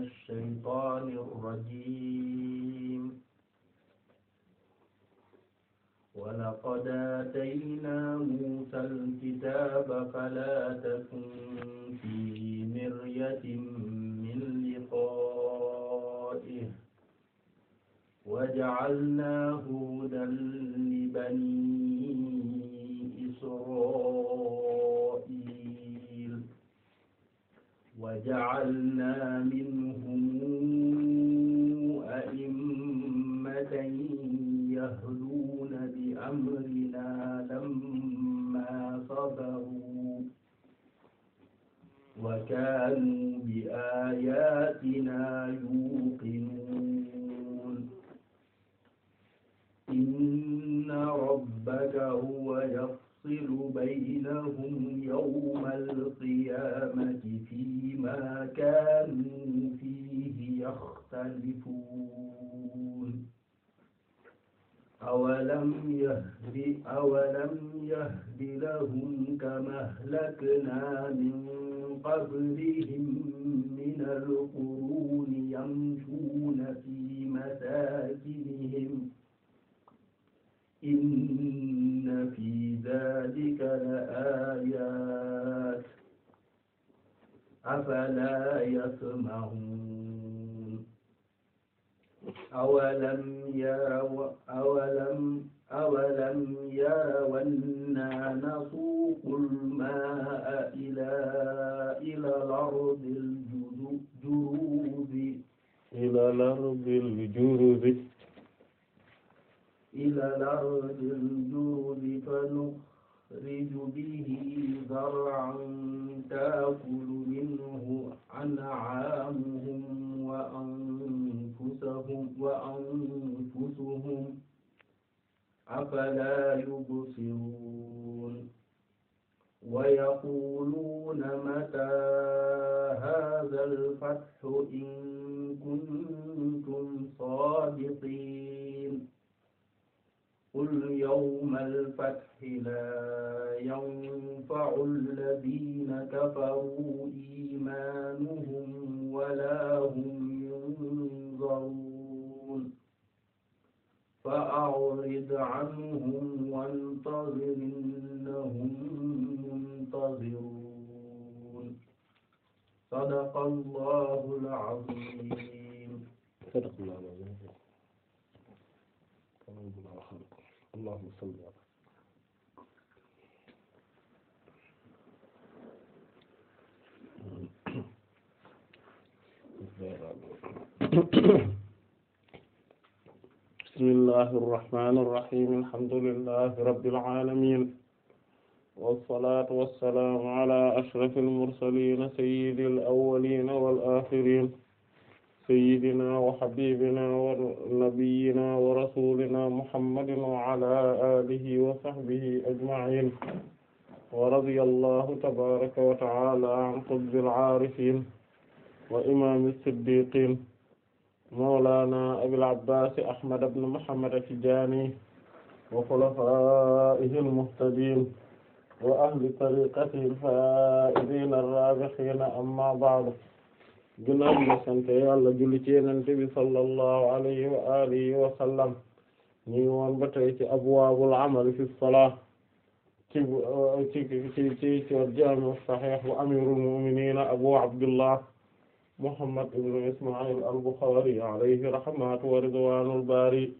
الشيطان الرجيم ولقد آتينا موسى الكتاب فلا تكن في مرية من لقائه وجعلناه هدى لبني إسرائيل وجعلنا منهم أئمة يهدون بأمرنا لما صبروا وكانوا بآياتنا يوقنون إن ربك هو يفعل نفصل بينهم يوم القيامة فيما كانوا فيه يختلفون أولم يهد أولم يهد لهم كما أهلكنا من قبلهم من القرون يمشون في مساكنهم إن في ذلك لآيات أفلا يسمعون أولم يروا أولم أولم يروا أنا نسوق الماء إلى إلى الأرض الجرز إلى الأرض الجرز إلى الأرض الجوز فنخرج به زرعا تأكل منه أنعامهم وأنفسهم وأنفسهم أفلا يبصرون ويقولون متى هذا الفتح إن كنتم صادقين قل يوم الفتح لا ينفع الذين كفروا إيمانهم ولا هم ينظرون فأعرض عنهم وانتظر إنهم منتظرون صدق الله العظيم صدق الله العظيم Allahumma salli ala bismillahi irrahmani irrahim alhamdulillahi rabbil alamin wassalatu wassalamu ala ashrafil mursalin sayyidil awwalin wal akhirin sayyidina wa habibina wa nabiyina wa rasulina muhammadin wa ala alihi wa sahbihi ajma'in wa radiyallahu tabaraka wa ta'ala an qutbil arifin wa imam as-siddiqin mawlana abil abbas ahmad ibn muhammad at-tijani wa khulafa'ihi al-muhtadin wa ahli tariqatihi al-fa'izin ar-rabihin amma ba'du ginnaaw bi ñu sant yàlla julli ci yonent bi sallallahu alayhi wa alihi wa sallam ñu woon ba tey ci abwaabul amal fi salaa ci ci ci ci ci jaami sahih wa amirul mu'minin abu abdullah muhammad ibn isma'il al-bukhari alayhi rahmatu wa ridwanul bari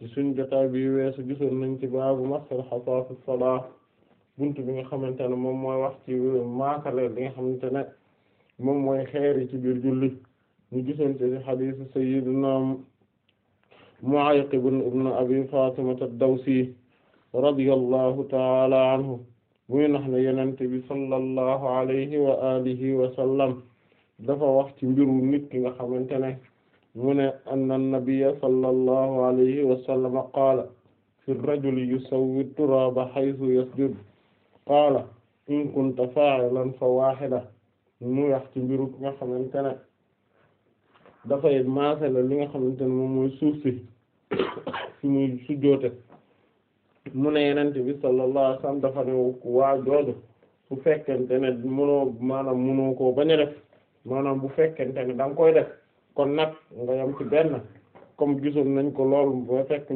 ci suñu jotaay bi weesu gisoon nañ ci baabu masal xasaas as-salaa buntu bi nga xamante ne moom mooy wax ci maakaleel li nga xamante ne moom mooy xeer yi ci biir julli ñu gisoon ci xadiis sayyidina Mu'ayqib ibn Abi Fatima ad-Dawsi radiyallahu ta'ala anhu muy nax ne yenente bi sallallahu alayhi wa alihi wa sallam dafa wax ci mbiru nit ki nga xamante ne mu ne anna an-nabiyya sallallahu alayhi wa sallam qaala fi ar-rajuli yusawwi at-turaaba haythu yasjudu qaala in kunta faa'ilan fa waahida mu wax ci mbiru nga xamante ne dafay maase la li nga xamante ne moom mooy suuf si mu ne yenent bi sallallahu alayhi wasallam dafa ne waa jooju su fekkente ne mënoo maanaam mënoo koo maanaam bu fekkente ne da koy def kon nag nga ci benn comme gisoon nañ ko lool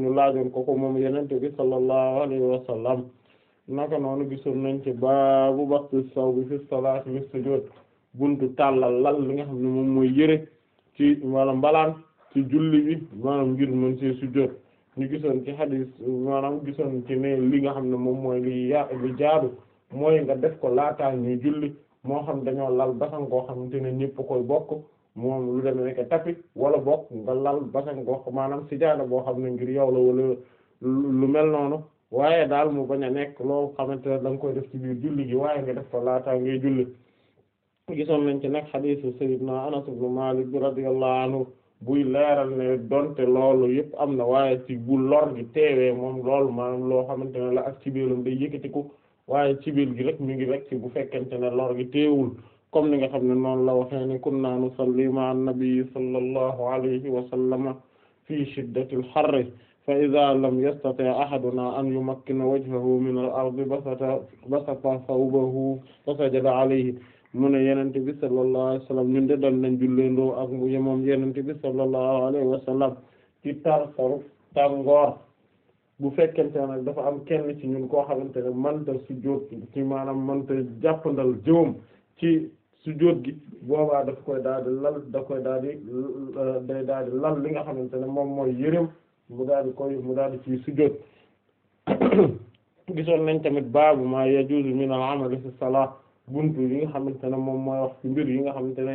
ñu laajoon ko ko moom yenente bi sallallahu alayhi wasallam naka noonu gisoon nañ ci baabu baxtu saw bi fi salaat mi sujud buntu tàllal lal li nga xam ne moom mooy yëre ci maanaam mbalaan ci julli bi maanaam ngir mën ci sujjóot ñu gisoon ci xadis maanaam gisoon ci ne li nga xam ne moom mooy li yaar li jaadu mooy nga def ko laataa ñuy julli moo xam dañoo lal basan koo xamante ne ñëpp koy bokk moom lu demee nekk tapis wala bokk nga lal basan maanaam si jaada boo xam ne ngir yow la wala lu mel noonu waaye daal mu bañ a nekk loo xamante ne da nga koy def ci biir julli gi waaye nga def ko laataa ngay julli gisoon nañ ci nag xadiisu sayyidina Anas ibn Malik bi radiyallahu anhu buy leeral ne donte loolu yëpp am na waaye ci bu lor gi teewee moom loolu maanaam loo xamante ne la ak cibiiram day yëkkatiku waaye cibiir gi rek mi ngi rek ci bu fekkente ne lor gi teewul comme ni nga xam ne noonu la waxee ne kunna nusalli ma'a nabi sallallahu alayhi wa sallama fi shiddatil harr fa idha lam yastati' ahaduna an yumakkina wajhahu min al-ardi basata basata thawbahu fasajada alayhi mu ne yenente bi sallallahu alayhi wa sallam ñun de dal nañ ak mu moom yenente bi sallallahu alayhi wa sallam ci tar saru tàngoor bu fekkente nag dafa am kenn ci ñun koo xamante ne mënta sujjóot ci maanaam mënta jàppandal jëwam ci sujjóot gi boobaa daf koy daal di lal da koy li nga xamante ne moom mooy yërëm mu daal di koy mu daal di ci sujjóot gisoon nañ tamit baabu ma yajuzu min al amali fi salat buntu yi nga xamante ne moom mooy wax ci mbir yi nga xamante ne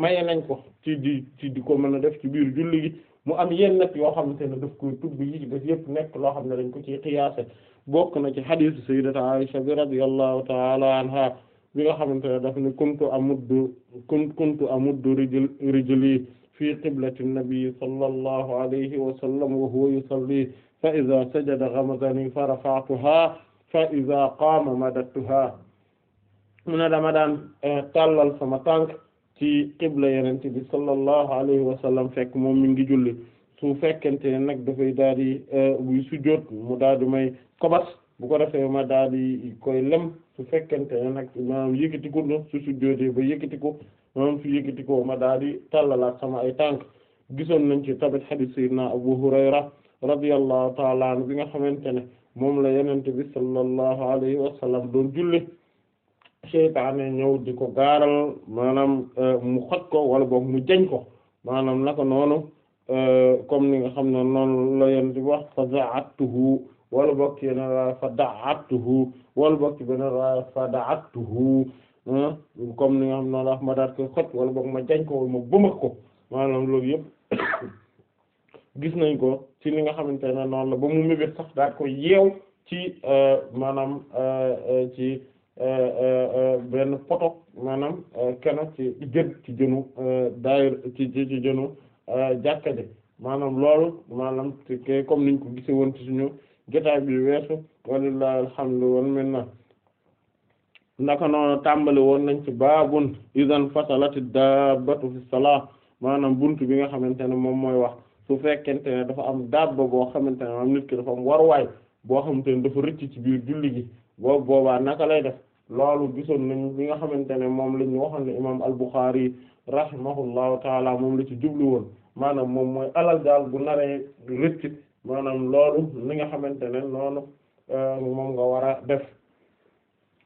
maye nañ ko ci di ci di ko mën a def ci biir julli gi mu am yenn nag yoo xamante ne daf koy tudd yi ci def yëpp nekk loo xam ne dañ ko ci xiyaase bokk na ci xadiisu sayyidati Aisha bi radiyallahu ta'ala anha bi nga xamante ne daf ne kuntu amuddu kun kuntu amuddu rijl rijli fi qiblati nabi sallallahu alayhi wa sallam wa huwa yusalli fa idha sajada ghamazani fa rafa'tuha fa idha qama madattuha mu ne dama daan eh, tàllal sama tànk ci qibla yenente bi sallallahu alayhi wa sallam fekk moom mi ngi julli su fekkente ne nag dafay daal di buy eh, sujjóot mu daal di may kobas bu ko defee ma daal di koy lem su fekkente ne nag maanaam yëkkatiku na su sujjóotee ba yëkkatiku maanaam su yëkkatikoo ma daal di tàllalaat sama ay tànk gisoon nañ ci tamit hadith sayyidina Abu Hurayra radiyallahu ta'ala anhu bi nga xamante ne moom la yenente bi sallallahu alayhi wa sallam doon julli seytaane ñëw di ko gaaral maanaam euh, mu xoj ko wala boog mu jañ ko maanaam naka noonu euh, comme ni nga xam ne noonu la yéen di wax fa zaatuhu wala boog ci yeneen raaya fa daatuhu wala boog ci beneen raaya fa daatuhu comme ni nga xam ne la wax ma daat koy xoj wala boog ma jañ ko wala ma bëma ko maanaam loolu yëpp gis nañ ko ci li nga xamante ne noonu la ba mu mébét sax daat ko yeew ci euh, maanaam ci Euh, euh, euh, benn poto maanaam keno ci jën ci jënu daayir ci jënu jàkka maanaam loolu maanaam te comme niñ ko gisee woon ci suñu jotaay bi weesu walillahi alhamdu wal minna naka noonu tàmbali woon nañ ci baabun idan fasalati dabbatu fi salah maanaam buntu bi nga xamante ne moom mooy wax su fekkente ne dafa am dabba goo xamante ne maanaam nit ki dafa am waruwaay boo xamante ne dafa rëcc ci biir julli gi boobu boobaa naka lay def loolu gisoon nañ li nga xamante ne moom la ñu waxoon ne imaam al-Bukhari rahimahullahu taala moom la ci jublu woon maanaam moom mooy alal daal bu naree rëccit maanaam li nga xamante ne noonu euh, moom nga war a def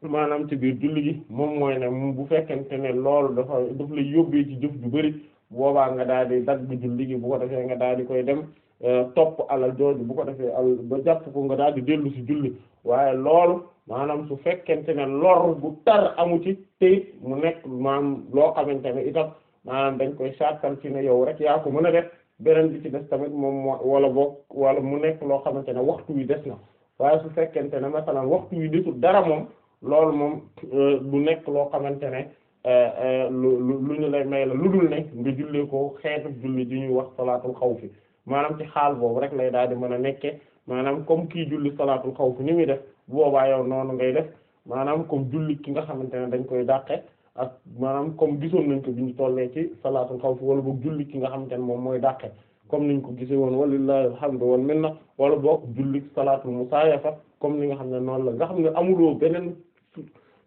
maanaam ci biir julli gi moom mooy ne bu fekkente ne loolu dafa daf lay yóbbee ci jëf ju bari boobaa nga daal di dagg julli gi bu ko defee nga daal di koy dem euh, topp alal jooju bu ko defee al ba jàpp ko nga daal di dellu ci julli waaye loolu maanaam su fekkente ne lor bu tar amu ci te mu nekk maanaam loo xamante ne itam maanaam dañ koy sàttal ci ne yow rek yaa ko mën a def beneen bi ci des tamit moom wala boog wala mu nekk loo xamante ne waxtu wi des na waaye su fekkente ne masalan waxtu wi desul dara moom loolu moom euh, du nekk loo xamante ne euh, euh, lu lu ñu lay may la lu dul ne nga jullee ko xeetu julli di ñuy wax salaatul xaw fi maanaam ci xaal boobu rek lay daal di mën a nekke maanaam comm kii julli salaatul xaw fi ni def boobaa yow noonu ngay def maanaam comme julli ki nga xamante ne dañ koy dàqe ak maanaam comme gisoon nañ ko bi ñu tollee ci salaatul xawf wala boog julli ki nga xamante ne moom mooy dàqe comme niñ ko gisee woon walillahi alhamdu wal minna wala boog julli salaatul musaayafa comme ni nga xam ne noonu la nga xam ne amuloo beneen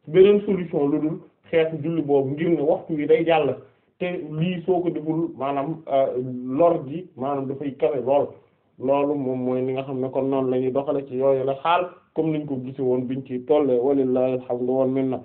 beneen solution lu dul xeetu julli boobu ngir ne waxtu wi day jàll te lii soo ko deful maanaam euh, lor gi maanaam dafay kawe lool loolu moom mooy ni nga xam ne kon noonu la ñuy doxale ci yooyu la xaal comme niñ ko gisi woon biñ ci tollee walillahi alhamdu wal na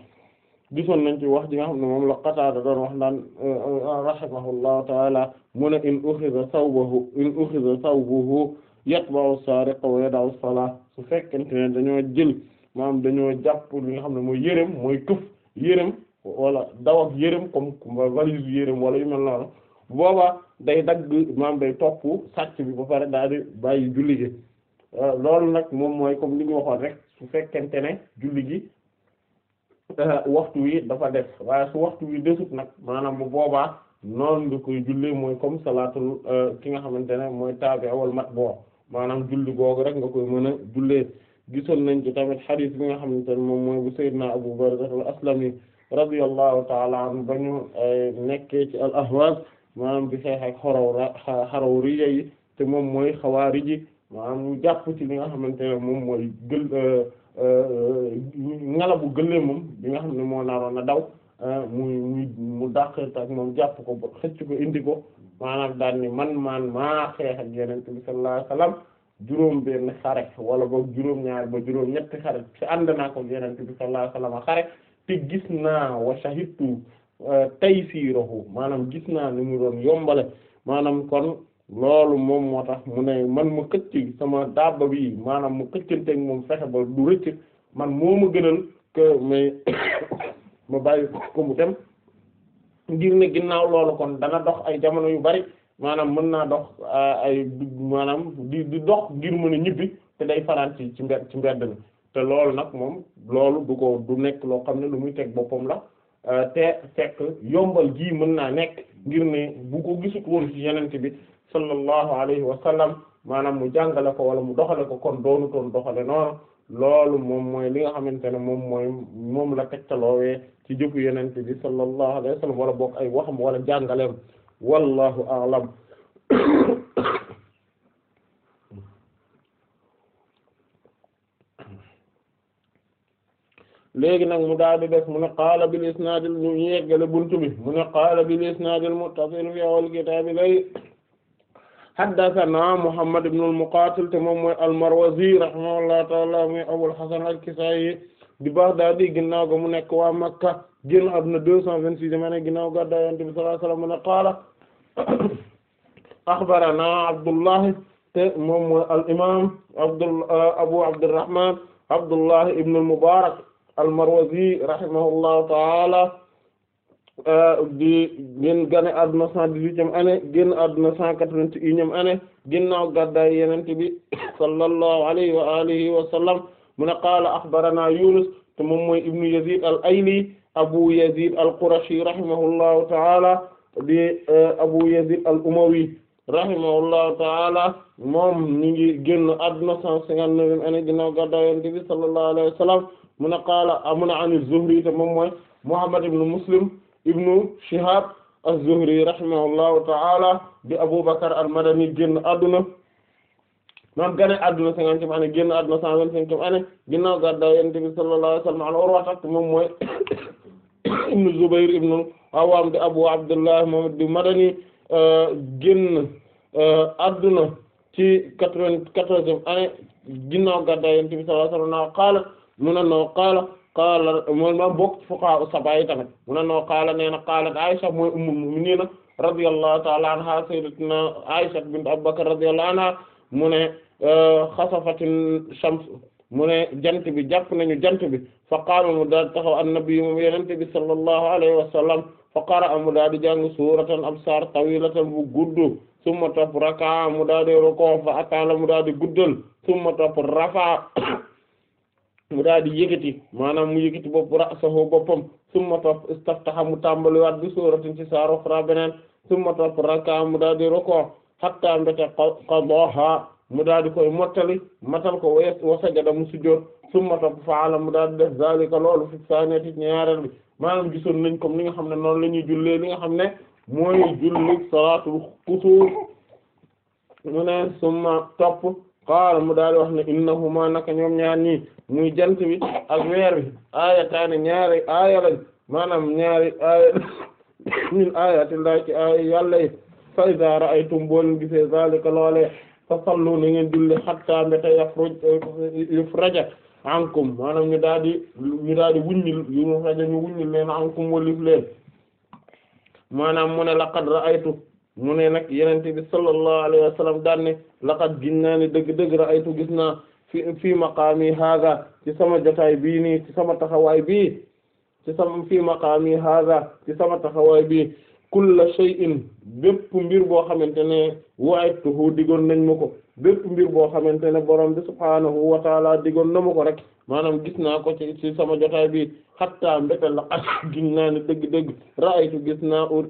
gisoon nañ ci wax ji nga xam ne moom la Qataada doon wax naan euh, euh, rahimahullahu taala mu ne in uxiza sawbahu in uxiza sawbuhu yatba'u as-sariqa wa yada'u as-salah su fekkente ne dañoo jël maanaam dañoo jàpp li nga xam ne mooy yërëm mooy këf yërëm wala daw ak yërëm comme valise yërëm wala yu mel noonu boobaa day dagg maam day topp sàcc bi ba pare daal di bàyyi julli gi loolu nag moom mooy comme li ñu waxoon rek su fekkente ne julli gi euh, waxtu wi dafa def waaye su waxtu wi desut nag maanaam bu boobaa noon nga koy julli mooy comme salaatul euh, ki nga xamante ne mooy taabi wal mat maanaam julli googu rek nga koy mën a jullee gisoon nañ ci tamit xadiis bi nga xamante ne moom mooy bu Seydina Abu Barza al-Aslami radiyallahu ta'ala anhu ba ñu euh, nekkee ci al maanaam bi xeex ak xaraw riya yi te moom mooy xawaarij yi maanaam mu jàpp ci li nga xamante moom mooy gël euh, euh, ngalabu gëllee moom bi nga xam ne moo naroon a daw muy euh, muy mu dàqeet ak moom jàpp ko ba xëcc ko indi ko maanaam daal ni man maan maa xeex ak yeneen bi sallallahu alayhi wasallam juróom benn xare wala boog juróom ñaar ba juróom ñetti xare ci ànd naa ko yeneen bi sallallahu alayhi wasallam xare te gis naa wa shahidtu taysiruhu maanaam gis naa ni mu doon yombale maanaam kon loolu moom moo tax mu ne man ma xëcc sama daaba bi maanaam mu xëccanteeg moom fexe ba du rëcc man moo ma gënal que mais ma bàyyi ko mu dem ngir ne ginnaaw loolu kon dana dox ay jamono yu bari maanaam mën naa dox euh, ay maanaam di di dox ngir mën a ñibbi te day faraan ci ci mbed ci mbedd mi te loolu nag moom loolu du ko du nekk loo xam ne lu muy teg boppam la euh, te fekk yombal jii mën naa nekk ngir ne bu ko gisut woon ci yenente bi sallallahu alayhi wa sallam maanaam mu jàngale ko wala mu doxale ko kon doonu toon doxale noonu loolu moom mooy li nga xamante ne moom mooy moom la tegtaloowee ci jëfu yenente bi sallallahu alayhi wa wala bokk ay waxam wala jàngaleem wallahu a'lam léegi nag mu daal di def mu ne qaala bil isnaadil ñu yeggale bi mu ne qaala bil isnaadil muttasil fi awal kitaabi lay haddathana Muhammad ibn al-Muqatil te moom mooy al-Marwazi rahimahullahu ta'ala mooy Abul Hasan al-Kisa'i di Baghdadi ginnaaw ga mu nekk waa Makka génn àdduna deux cent vingt-sixième année ginnaaw gàddaay Yonent bi sallallahu alayhi wa sallam mu ne qaala akhbarana Abdullah te moom mooy al-imam Abdul uh, Abu Abdurrahman Abdullah ibn al-Mubarak al-Marwazi rahimahullahu ta'ala di euh, génn gane àdduna cent dix-huitième année génn àdduna cent quatre-vingt-unième année ginnaaw gàddaay yonent bi sallallahu alayhi wa alihi wa sallam mu qaala axbarana Yunus te moom mooy ibnu Yazid al-Ayli Abu Yazid al-Qurashi rahimahullahu ta'ala di euh, Abu Yazid al-Umawi rahimahullahu ta'ala moom mi ngi génn bi sallallahu alayhi wa sallam mu ne qaala mu ne an az-Zuhri te moom Muhammad ibn Muslim ibnu Shihab az-Zuhri rahimahullahu ta'ala di Aboubacar al-Madani génn àdduna maam gane àdduna cinquantième année génn àdduna cent vingt-cinquième sallallahu alayhi wa sallam an Urwa tak ibnu Zubayr ibnu Awwam di Abu Abdullah Madani euh, génn euh, àdduna ci quatre-vingt-quatorzième année ginnaaw gàddaay sallallahu alayhi wa qaala mu ne qaala qaala mooy ma bokk fuqaha saba yi tamit mu ne noo qaala nee na qaalat Aisha mooy ummul mu'minin radiyallahu ta'ala anha sayyidatuna Aisha bint Abu Bakr radiyallahu anha mu ne euh, xasafatin shams mu ne jant bi jàpp nañu jant bi fa qaama mu daal taxaw annabi moom yenente bi sallallahu alayhi wa sallam fa qara'a mu daal di jàng suuratan ab saar tawilatan bu guddu summa topp raka'a mu daal di rukoo fa atala mu daal di guddal summa topp rafa mu daal di yëkkati maanaam mu yëkkati bopp ra'sahu boppam summa topp istaftaha mu tàmbaliwaat bi suratin ci saar ukhra beneen summa topp raka mu daal di roko hatta mbete qadaha mu daal di koy mottali matal ko wa wa sajada mu sujjóot summa topp faala mu daal di def zalika loolu fi saaniyati ñaareel bi maanaam gisoon nañ comme li nga xam ne noonu la ñuy jullee li nga xam ne mooy julli salaatul kusuuf mu summa topp qaala mu daal di wax ne innahuma naka ñoom muy jant wi ak weer bi aayataani ñaari aaya maanaam ñaari aaya min aayatillahi ci aaya yàlla yi fa iza ra'aytum boo leen gisee zalika loole fa sallu ni ngeen julli hatta mbéte yafruj ankum maanaam ñu daal di ñu daal di wuññil yufraja ñu wuññil leen ankum walif leen maanaam mu ne ra'aytu mu ne nag yenente bi sallallahu alayhi wa sallam daan ne naa ne dëgg-dëgg ra'aytu gis naa fi fii maqaami haada ci sama jotaay bii nii ci sama taxawaay bii ci sama fii maqaami haada ci sama taxawaay bii kulla shay'in bépp mbir boo xamante ne wa'adtuhu digoon nañ ma ko bépp mbir boo xamante ne borom bi subhaanahu wa taala digoon na ma ko rek maanaam gis naa ko ci ci sama jotaay bi xattaa mbéta la at gis naa ne dëgg-dëgg ra'aytu gis naa ur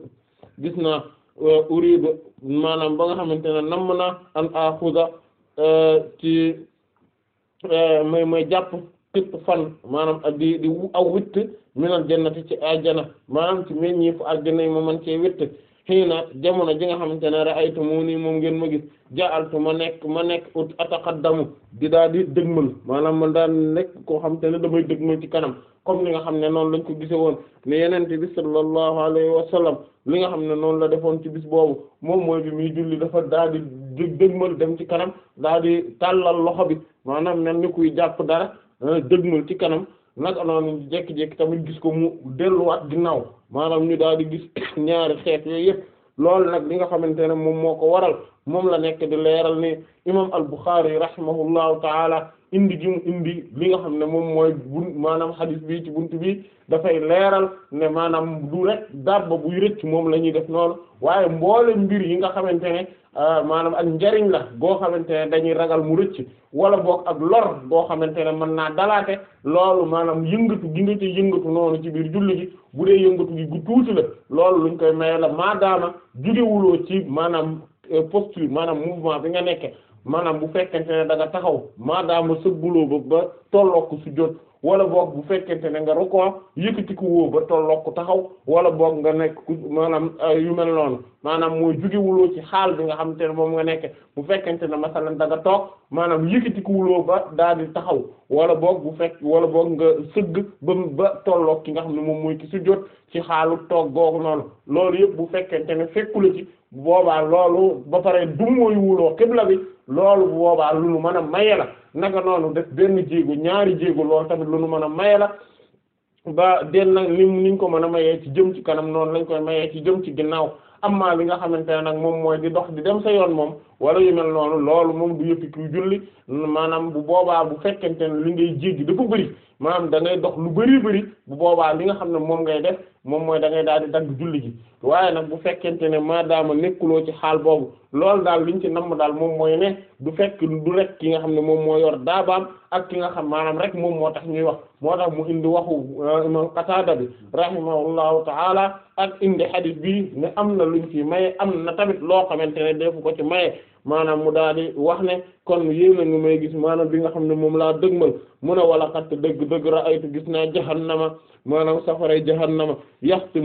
gis naa euh, uridu ba nga xamante ne namm na an axuda euh, ci Euh, mooy mooy jàpp tipp fan maanaam ak di di aw witt minal jannati ci ajjana maanaam ci meññeefu ajjana yi ma man cee witt xiina jamono ji nga xamante ne ra'aytumuni moom ngeen ma gis ja'altu ma nekk ma nekk ut ataqaddamu di daal di dëgmal maanaam man daan nekk koo xamante ne damay dëgmal ci kanam comme li nga xam ne noonu lañ ko gise woon ne yenente bi sallallahu alayhi wa sallam li nga xam ne noonu la defoon ci bis boobu moom mooy bi muy julli dafa daal di dëgmal dem ci kanam daal di tàllal loxo bi maanaam mel ni kuy jàpp dara ah, dëgmal ci kanam nag anoon jekki-jekki tamit gis ko mu delluwaat ginnaaw maanaam ñu daal di gis ñaari xeet yooyu yëpp loolu nag li nga xamante ne moom moo ko waral moom la nekk di leeral ni imam al Bukhari rahimahullahu taala indi ji mu indi li nga xam ne moom mooy bun maanaam xadis bi ci bunt bi dafay leeral ne maanaam du rek dabba buy rëcc moom la ñuy def noonu waaye mboole mbir yi nga xamante ne euh, maanaam ak njariñ la boo xamante ne dañuy ragal mu rëcc wala boog ak lor boo xamante ne mën naa dalaate loolu maanaam yëngatu gi nga ci yëngatu noonu ci biir julli gi bu dee yëngatu gi gu tuuti la loolu luñ koy maye la maadaama jugewuloo ci maanaam euh, posture maanaam mouvement bi nga nekke maanaam bu fekkente ne da nga taxaw maadaama sa buloo ba ba tolloog ko sujjóot wala boog bu fekkente ne nga rukkoo yëkkati ko woo ba tollook ko taxaw wala boog nga nekk ku maanaam euh, yu mel noonu maanaam mooy jugewuloo ci xaal bi nga xam te ne moom nga nekkee bu fekkente ne masalan da nga toog maanaam yëkkati ko ba daal di taxaw wala boog bu fekk wala boog nga sëgg ba ba ki nga xam ne moom mooy ki su jot ci xaalu toog googu noonu loolu yëpp bu fekkente ne fekkula ci boobaa loolu ba pare du mooy wuloo xibla bi loolu bu lu nu mën a maye la naka noonu def benn jéego ñaari jéego loolu tamit lu nu mën a maye la ba den nag lim niñ ko mën a mayee ci jëm ci kanam noonu lañ koy mayee ci jëm ci ginnaaw amma li nga xamante ne nag moom mooy di dox di dem sa yoon moom wala yu noonu loolu moom du yëpp kuy julli maanaam bu boobaa bu fekkente ne li ngay jéggi dafa bëri maanaam da ngay dox lu bëri bëri bu boobaa li nga xam ne moom ngay def moom mooy da ngay daal di dagg julli gi waaye nag bu fekkente ne maadaama nekkuloo ci xaal boobu loolu daal liñ ci namm daal moom mooy ne du fekk du rek ki nga xam ne moom moo yor daabaam ak ki nga xam maanaam rek moom moo tax ñuy wax moo tax mu indi waxu uh, imam Qatada bi rahimahullahu taala ak indi hadith bi ne am na luñ ci maye am na tamit loo xamante ne defu ko ci maye maanaam mu daal di wax ne kon yéena ngi may gis maanaam bi nga xam ne moom laa dëgmal mu ne wala xatt dëgg dëgg ra'aytu gis naa jahannama maanaam yi jahannama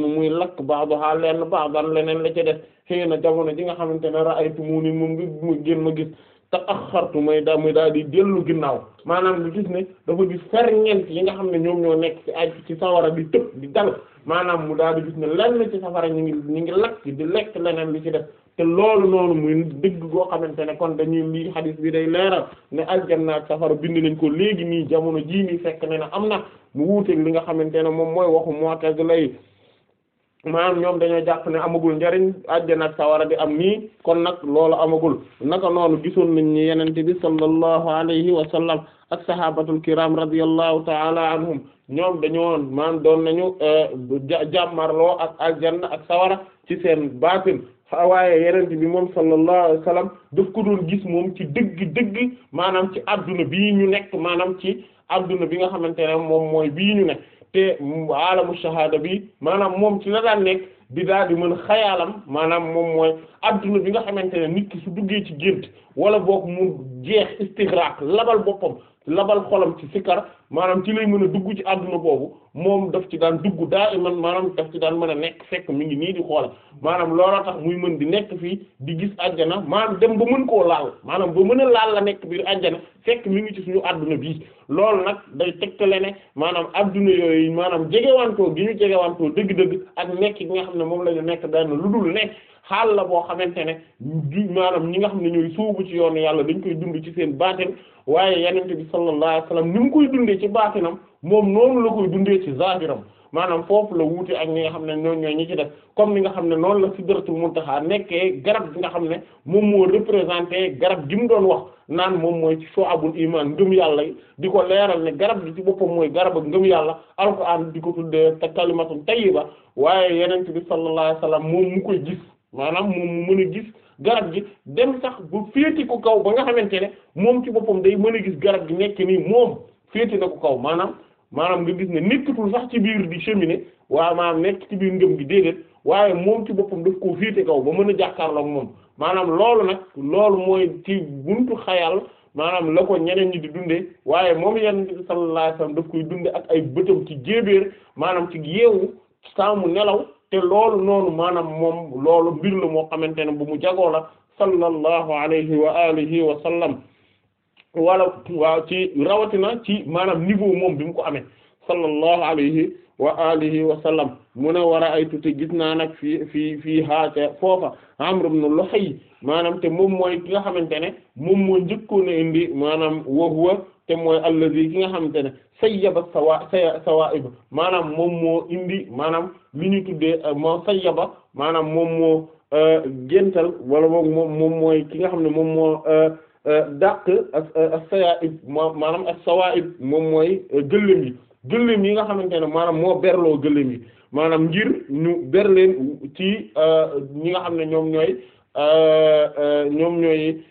mu muy lakk ba'daha lenn ba'dan leneen la ci def xëy na jamono ji nga xamante ne ra'aytu mu ni moom mu gën ma gis te axartu may daa muy daal di dellu ginnaaw maanaam lu gis ne dafa gis ferñeent yi nga xam ne ñoom ñoo nekk ci aj ci sawara di tëb di dal maanaam mu daal di gis ne lenn ci ñu ngi ñu ngi lakk di lekk leneen li ci def te loolu noonu muy dëgg goo xamante ne kon dañuy lii xadis bi day leeral ne aljanna safara bind nañ ko léegi nii jamono jii nii fekk ne na am na mu wuuteeg li nga xamante ne moom mooy waxu mu'tazila yi maanaam ñoom dañoo jàpp ne amagul njariñ aljanna ak safara am nii kon nag loolu amagul naka noonu gisoon nañ ni yenente bi sallallahu alayhi wa sallam ak sahabatul kiram radiyallahu ta'ala anhum ñoom dañoo maanaam doon nañu eh, jàmmarloo ak aljanna ak sawara ci seen baatin waaye yeneen bi moom sallallahu alayhi wa sallam daf ko doon gis moom ci dëgg-dëgg maanaam ci àdduna bii ñu nekk maanaam ci adduna bi nga xamante ne moom mooy bii ñu nekk te alamu shahada bi maanaam moom ci la daan nekk di daal di mën xayaalam maanaam moom mooy àdduna bi nga xamante ne nit ki su duggee ci gént wala book mu jeex istigraq labal boppam labal xolam ci sikar maanaam ci lay mën a dugg ci àdduna boobu moom daf ci daan dugg daa iman maanaam daf ci daan mën a nekk fekk mi ngi nii di xoole maanaam loola tax muy mën di nekk fii di gis àjjana maanaam dem ba mën koo laal maanaam ba mën a laal la nekk biir àjjana fekk mi ngi ci suñu àdduna bii loolu nag day teg tale ne maanaam àdduna yooyu maanaam jegewantoo gi ñu jegewantoo dëgg-dëgg ak nekk gi nga xam ne moom la ñu nekk daan lu dul nekk xaal la boo xamante ne maanaam ñi nga xam ne ñooy sóobu ci yoonu yàlla dañ koy dund ci seen baatin waaye yenente bi sallallahu alayhi wasallam ni mu koy dundee ci baatinam moom noonu la koy dundee ci zahiram maanaam foofu la wuute ak ñi nga xam ne ñoo ñooy ñi ci def comme ni nga xam ne noonu la sidratul muntaha nekkee garab gi nga xam ne moom moo représenté garab gi mu doon wax naan moom mooy ci shu'abul iman ngëm yàlla di ko leeral garab gi ci boppam mooy garab ak ngëm yàlla alquran di ko tuddee kalimatun tayyiba waaye yenente bi sallallahu alayhi wasallam moom mu koy gis maanaam moom mu mën a gis garab gi dem sax bu féeti ko kaw ba nga xamante ne moom ci boppam day mën a gis garab gi nekk nii moom féeti na ko kaw maanaam maanaam nga gis ne nekkatul sax ci biir di cheminer waaye maanaam nekk ci biir ngëm gi déedéet waaye moom ci boppam daf ko féete kaw ba mën a jàkkaarloog moom maanaam loolu nag loolu mooy ci buntu xayal maanaam la ko ñeneen ñi di dundee waaye moom yenn sallallahu alayhi wasallam daf koy dundee ak ay bëtam ci jéebéer maanaam ci yeewu saa mu te loolu noonu maanaam moom loolu mbir la moo xamante ne bu mu jagoo la sallallahu alayhi wa alihi wa sallam wala ci rawatina ci maanaam niveau moom bi mu ko amee sallallahu alayhi wa alihi wa sallam mu ne war a ay tuuti gis naa nag fii fii fii haata foofa Amr ibn Luhay maanaam te moom mooy ki nga xamante ne moom moo njëkkoon a indi maanaam wa huwa te mooy allazi ki nga xamante ne sayyaba sawa sawa'iba maanaam moom moo indi maanaam li ñu tuddee euh, moo sayyaba maanaam moom moo euh, géntal wala boog moom moom mooy ki nga xam ne moom moo euh, dàq as-sawa'ib maanaam as-sawa'ib moom mooy gëléem yi gëléem yi nga xamante ne maanaam moo berloo gëléem yi maanaam ngir ñu ber ci ñi nga xam ne ñoom ñooy ñoom ñooy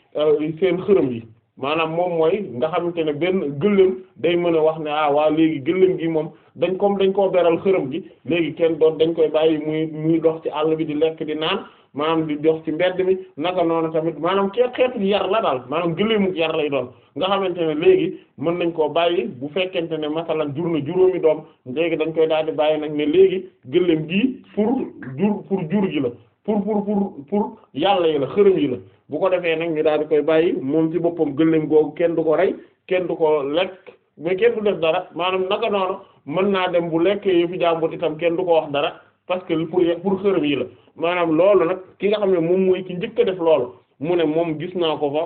seen xërëm yi maanaam moom mooy nga xamante ne benn gëléem day mën a wax ne ah waa léegi gëléem gi moom dañ comme dañ koo beral xërëm gi léegi kenn doon dañ koy bàyyi muy muy dox ci àll bi di lekk di naan maanaam di dox ci mbedd mi naka noonu tamit maanaam kee xeetu yar la daal maanaam gëléemu yar lay doon nga xamante ne léegi mën nañ koo bàyyi bu fekkente ne masalan jur na juróomi doom léegi dañ koy daal di bàyyi nag ne léegi gëléem gi pour jur pour jur gi la pour pour pour pour yàlla yi la xërëm yi la bu ko defee nag ñu daal di koy bàyyi moom ci boppam gëléem googu kenn du ko rey kenn du ko lekk mais kenn du def dara maanaam naka noonu mën naa dem bu lekkee yëfu jàmbur itam kenn du ko wax dara parce que pour pour xërëm yi la maanaam loolu nag ki nga xam ne moom mooy ki njëkk a def loolu mu ne moom gis naa ko fa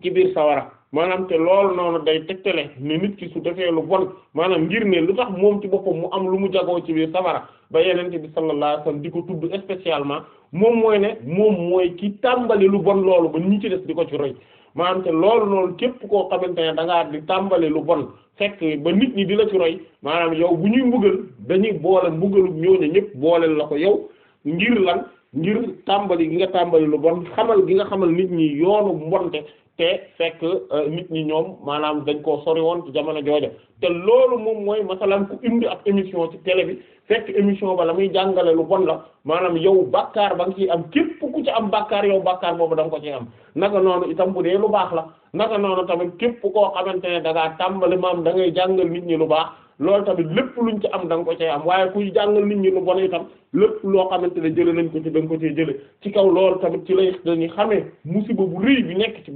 ci biir sawara maanaam te loolu noonu day tegtele ne nit ki su defee lu bon maanaam ngir ne lu tax moom ci boppam mu am lu mu jagoo ci biir safara ba yenente bi sallallahu alayhi wasallam di ko tudd spécialement moom mooy ne moom mooy ki tàmbali lu bon loolu ba ñi ci des di ko ci roy maanaam loolu noonu képp koo xamante da ngaa di tàmbali lu bon fekk ba nit ñi di la ci roy maanaam yow bu ñuy mbugal dañuy boole mbugalu ñooñu ñëpp booleel la ko yow ngir lan ngir tàmbali gi nga tàmbali lu bon xamal gi nga xamal nit ñi yoonu mbonte te fekk euh, nit ñi ñoom maanaam dañ ko sori woon ci jamono jooja te loolu moom mooy masalan ku indi ak émission ci télé bi fekk émission ba la muy jàngale lu bon la maanaam yow bàkkaar ba nga ciy am képp ku ci am bàkkaar yow bàkkaar boobu da ko ci am naka noonu itam bu dee lu baax la naka noonu tamit képp koo xamante ne da ngaa tàmbali maam da ngay jàngal nit ñi lu baax loolu tamit lépp luñ ci am da nga ko cee am waaye kuy jàngal nit ñi lu bon itam lépp loo xamante ne jële nañ ko ci da nga ko cee jële ci kaw loolu tamit ci lay dañuy xamee musiba bu rëy bi nekk ci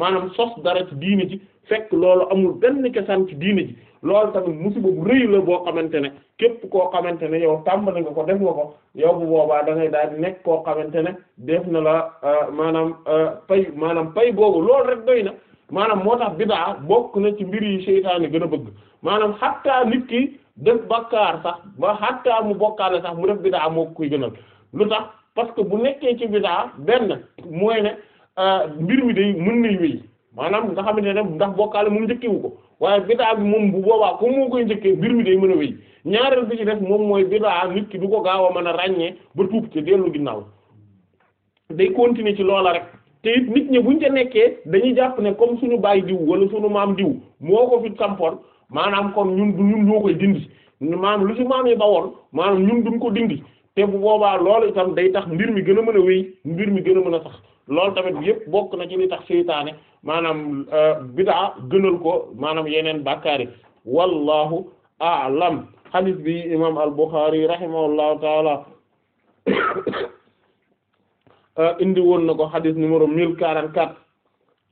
maanaam sos dara ci diine ji fekk loolu amul benn kesaan ci diine ji loolu tamit musiba bu rëy la boo xamante ne képp koo xamante ne yow tàmbali nga ko def nga ko yow bu boobaa da daal di nekk koo xamante ne def na la euh, maanaam euh, pay maanaam pay boobu loolu rek doy na maanaam moo tax bidaa bokk na ci mbir yi seytaane gën a bëgg maanaam xattaa nit ki def bakkaar sax ba xattaa mu bokkaale sax mu def bidaa moo koy gënal lu tax parce que bu nekkee ci bidaa benn mooy Euh, mbir mi day mën nay wéy maanaam nga xamante ne ndax bokkaale moom njëkkewu ko waaye biddaa bi moom bu boobaa comme moo koy njëkkee mbir mi de mën a wéy ñaareel bi ci def moom mooy biddaa nit ki du ko gaaw a mën a ràññee ba tuub ci dellu ginnaaw day continuer ci loola rek te nit ñi buñ ca nekkee dañuy jàpp ne comme suñu baay diw wala suñu maam diw moo ko fi sampoon maanaam comme ñun ñun ñoo koy dindi maanaam lu ci maam yi bawoon maanaam ñun duñ ko dindi te bu boobaa loolu itam day tax mbir mi gën a mën a wéy mbir mi gën a mën a sax loolu tamit yëpp bokk na ci li tax seytaane maanaam euh, bid'a gënal ko maanaam yeneen bàkkaari wallahu a'lam hadith bi imam al-Bukhari rahimahullahu taala euh, indi woon na ko hadith numéro mille quarante quatre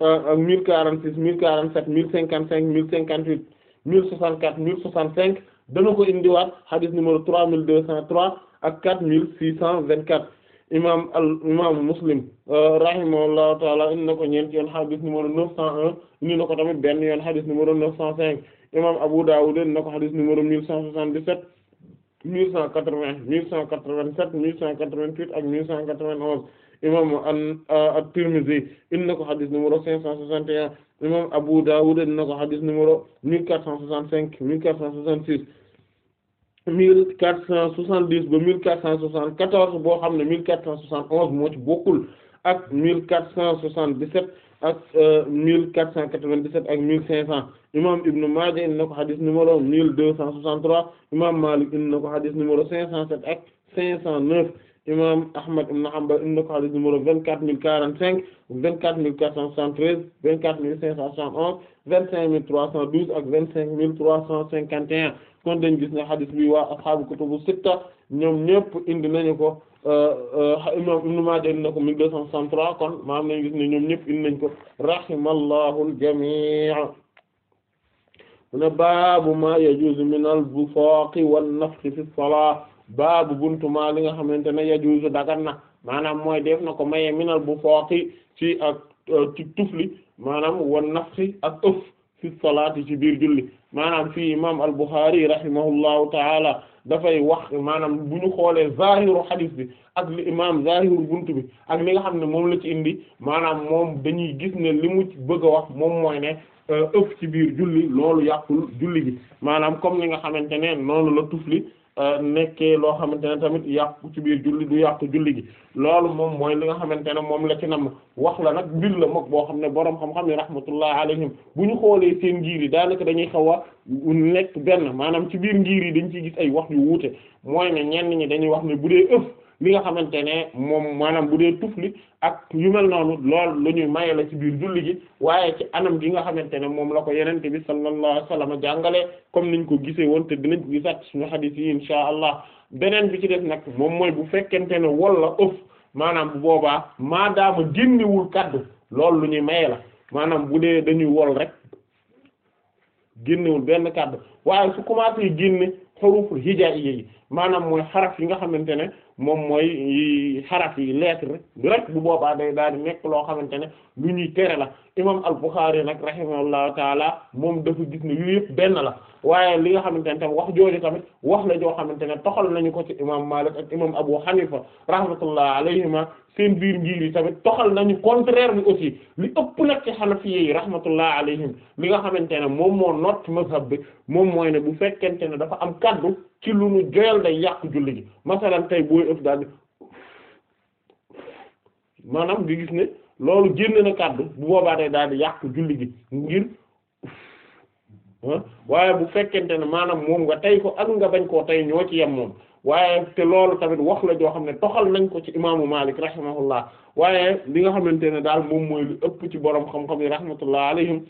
ak euh, mille quarante six mille quarante sept mille cinquante cinq mille cinquante huit mille soixante quatre mille soixante cinq dana ko indiwaat hadith numéro trois mille deux cent trois ak quatre mille six cent vingt quatre imam al imam Muslim euh, rahimahullahu taala indi na ko ñeenti yoon xadis numéro 901 indi na ko tamit benn yoon xadis numéro 905 imam Abu Dawud indi na ko xadis numéro 1177 1180 1187 1188 ak 1191 imam euh, at-Tirmidhi indi na ko xadis numéro 561 imam Abu Dawud indi na ko xadis numéro 1465 1466 mille quatre cent soixante dix ba mille quatre cent soixante quatorze boo xam ne mille quatre cent soixante onze moo ci bokkul ak mille quatre cent soixante dix sept ak euh, mille quatre cent quatre vingt dix sept ak mille cinq cent imam Ibn Maaja indi ko xadis numéro mille deux cent soixante trois imam Maalik indi ko xadis numéro cinq cent sept ak cinq cent neuf imam Ahmad ibn Hanbal indi na ko hadith numéro vingt quatre mille quarante cinq vingt quatre mille quatre cent soixante treize vingt quatre mille cinq cent soixante onze vingt cinq mille trois cent douze ak vingt cinq mille trois cent un kon dañ gis ne hadith bi waa ashaabu kutubu sitta ñoom ñëpp indi nañu ko euh, euh, imam Ibn Maaja indi na ko mille deux kon maam nañ gis ne ñoom ñëpp indi nañ ko rahimallahu al-jamii' mu ne baabu ma yajuuzu min al wa wan-nafxi fi as-salaat baabu buntu maa li nga xamante ne yajuuzu dagan na maanaam mooy def na ko maye minal bu fooqi ci ak euh, ci tufli maanaam wan nafsi ak ëf fi salaati ci biir julli maanaam fii imam al-Bukhari rahimahullahu taala dafay wax maanaam bu ñu xoolee zahiru hadith bi ak li imam zahiru buntu bi ak li nga xam ne moom la ci indi maanaam moom dañuy gis ne li mu bëgg a wax moom mooy ne euh, ëf ci biir julli loolu yàqul julli gi maanaam comme li nga xamante ne noonu la tufli Euh, nekkee loo xamante ne tamit yàqu ci biir julli bu yàqu julli gi loolu moom mooy li nga xamante ne moom la ci nam wax la nag mbir la mag boo xam ne boroom xam-xam yi rahmatullah alayhim bu ñu xoolee seen ngir yi daanaka dañuy xaw a nekk benn maanaam ci biir ngir yi dañ ciy gis ay wax yu wuute mooy ne ñenn ñi dañuy wax ne bu dee ëf li nga xamante ne moom maanaam bu dee tufli ak yu mel noonu lool lu ñuy maye la ci biir julli gi waaye ci anam gi nga xamante ne moom la ko yenente bi sallallahu alayhi wasallam jàngalee comme ni ñu ko gisee woon te dinañ ko gisaat suñu xadiis yi insha allah beneen bi ci def nag moom mooy bu fekkente ne la ëf maanaam bu boobaa maadaama génnewul kaddu loolu lu ñuy maye la maanaam bu dee dañuy wol rek génnewul benn kaddu waaye su commencé génne xuruful hijaa'iyya yi maanaam mooy xaraf yi nga xamante ne moom mooy xaraf yi lettre rek bu boobaa day daal di nekk loo xamante ne lu ñuy tere la imam al-Bukhari nag rahimahullahu taala moom dafa gis ne yu yëpp benn la waaye li nga xamante ne tam wax jooju tamit wax la joo xamante ne toxal nañu ko ci imam Malik ak imam Abu Hanifa rahmatullah alayhima seen biir njiir yi tamit toxal nañu contraire bi aussi li ëpp nag ci Hanafi yi rahmatullah alayhim li nga xamante ne moom moo not mazhab bi moom mooy ne bu ne dafa kaddu ci lu nu joyal day yàq julli gi masalan tey booy ëf daal di maanaam nga gis ne loolu génne na kaddu bu boobaa day daal di yàq julli gi ngir waaye bu fekkente ne maanaam moom nga tey ko ak nga bañ koo tey ñoo ci yem moom waaye te loolu tamit wax la joo xam ne toxal nañ ko ci imaamu Maalik rahimahullah waaye li nga xamante ne daal moom mooy lu ëpp ci borom xam-xam yi rahmatullah alayhim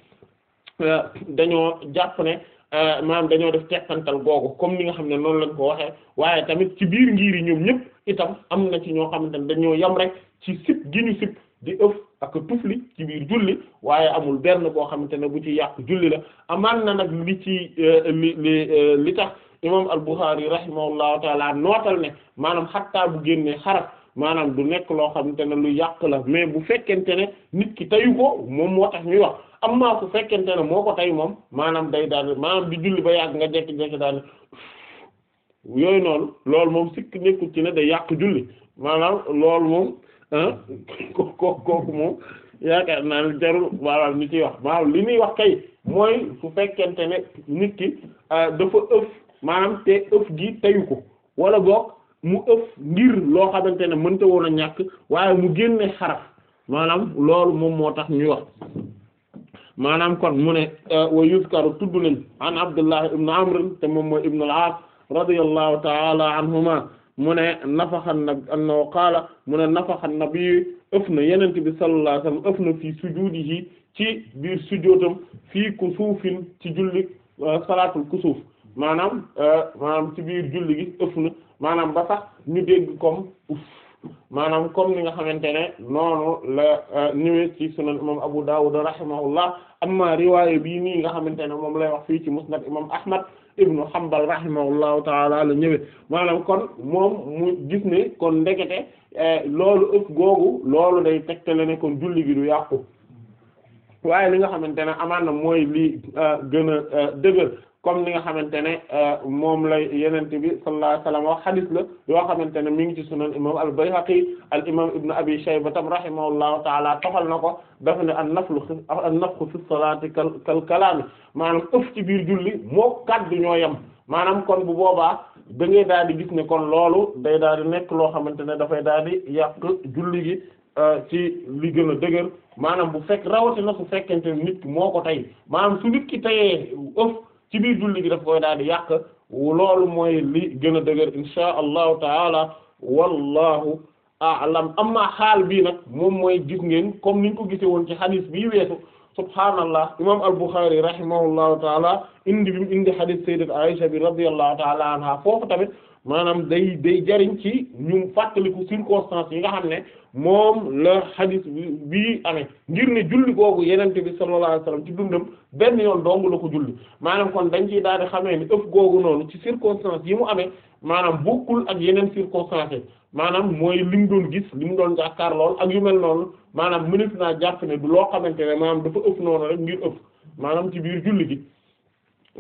dañoo jàpp ne Euh, maanaam dañoo def tekkantal googu comme ni nga xam ne noonu lañ ko waxee waaye tamit ci biir ngir yi ñoom ñëpp itam am na ci ñoo xamante ne dañoo yam rek ci sip gi ñu sip di ëf ak tufli ci biir julli waaye amul benn boo xamante ne bu ci yàq julli la amaan na nag li ci euh, li li euh, li tax imam al-Bukhari rahimahullahu taala nootal ne maanaam xattaa bu génnee xarab maanaam du nekk loo xamante ne lu yàq la mais bu fekkente ne nit ki tayu ko moom moo tax ñuy wax am maa su fekkente ne moo ko tay moom maanaam day daal maanaam di julli ba yàgg nga jekki-jekki daal yooyu noonu loolu moom sikk nekkul ci ne day yàq julli maanaam loolu moom kooku moom yaakaar naa jarul maanaam ni ciy wax maanaam li muy wax kay mooy su fekkente ne nit ki euh, dafa ëf maanaam te ëf gi tayu ko walla boog mu ëf ngir loo xamante ne mënta woon a ñàkk waaye mu génne xaraf maanaam loolu moom moo tax ñuy wax maanaam kon mu ne euh, wa yuskaru tudd nañ an abdullah ibn amr te moom mooy ibn al-aas radiyallahu ta'ala anhuma mu ne nafaxa na annahu mu ne nafaxa nabi na yenent bi sallallahu alayhi wasallam ëf na fii sujuudihi ci biir sujootam fii kusuufin ci julli euh, salaatul kusuuf maanaam euh, maanaam ci biir julli gi ëf na maanaam ba sax ñu dégg comme uf maanaam comme ni nga xamante ne noonu la ñëwee euh, ci sunan imam Abu Dawud rahimahullah amma riwaaya bii nii nga xamante ne moom lay wax fii ci musnad imam Ahmad ibnu Hanbal rahimahullahu taala la ñëwee maanaam kon moom mu gis ne kon ndekete euh, loolu ëpp googu loolu day tegtale ne kon julli gi du yàqu waaye li nga xamante ne amaan na mooy li euh, gën a dëgër comme ni nga xamante ne euh, moom la yenente bi sallallahu alayhi wasallam wax xadis la yoo xamante ne mi ngi ci sunan imam al-Bayhaqi al imam ibn abi Shayba tam rahimahullahu taala toxal na ko dafa ne an naflu an nafxu fi salaati kal kal kalaami maanaam ëf ci biir julli moo kaddu ñoo yem maanaam kon bu boobaa da daal di gis ne kon loolu day daal di nekk loo xamante ne dafay daal di yàq julli gi euh, ci li gën a dëgër maanaam bu fekk rawatina su fekkente nit ki moo ko tey maanaam su nit ki tayee ëf ci biir julli gi daf koy daal di yàq loolu mooy li gën a dëgër insha allahu taala wallahu a'lam amma xaal bii nag moom mooy gis ngeen comme niñ ko gisee woon ci xadis bii weesu subhaanallah imam al-Bukhari rahimahullahu taala indi bi mu indi xadis sayyidat Aisha bi radiyallahu taala anha foofu tamit maanaam day day jariñ ci ñu fàttaliku circonstances yi nga xam ne moom la xadis bi amee ngir ne julli googu yenente bi sallallahu alayhi wasallam ci dundam benn yoon dong la ko julli maanaam kon dañ ciy daal di xamee ni ëf googu noonu ci circonstances yi mu amee maanaam bokkul ak yeneen circonstances yi maanaam mooy li mu doon gis li mu doon jàkkaar lool ak yu mel noonu maanaam mënef naa jàpp ne du loo xamante ne maanaam dafa ëf noonu rek ngir ëf maanaam ci biir julli gi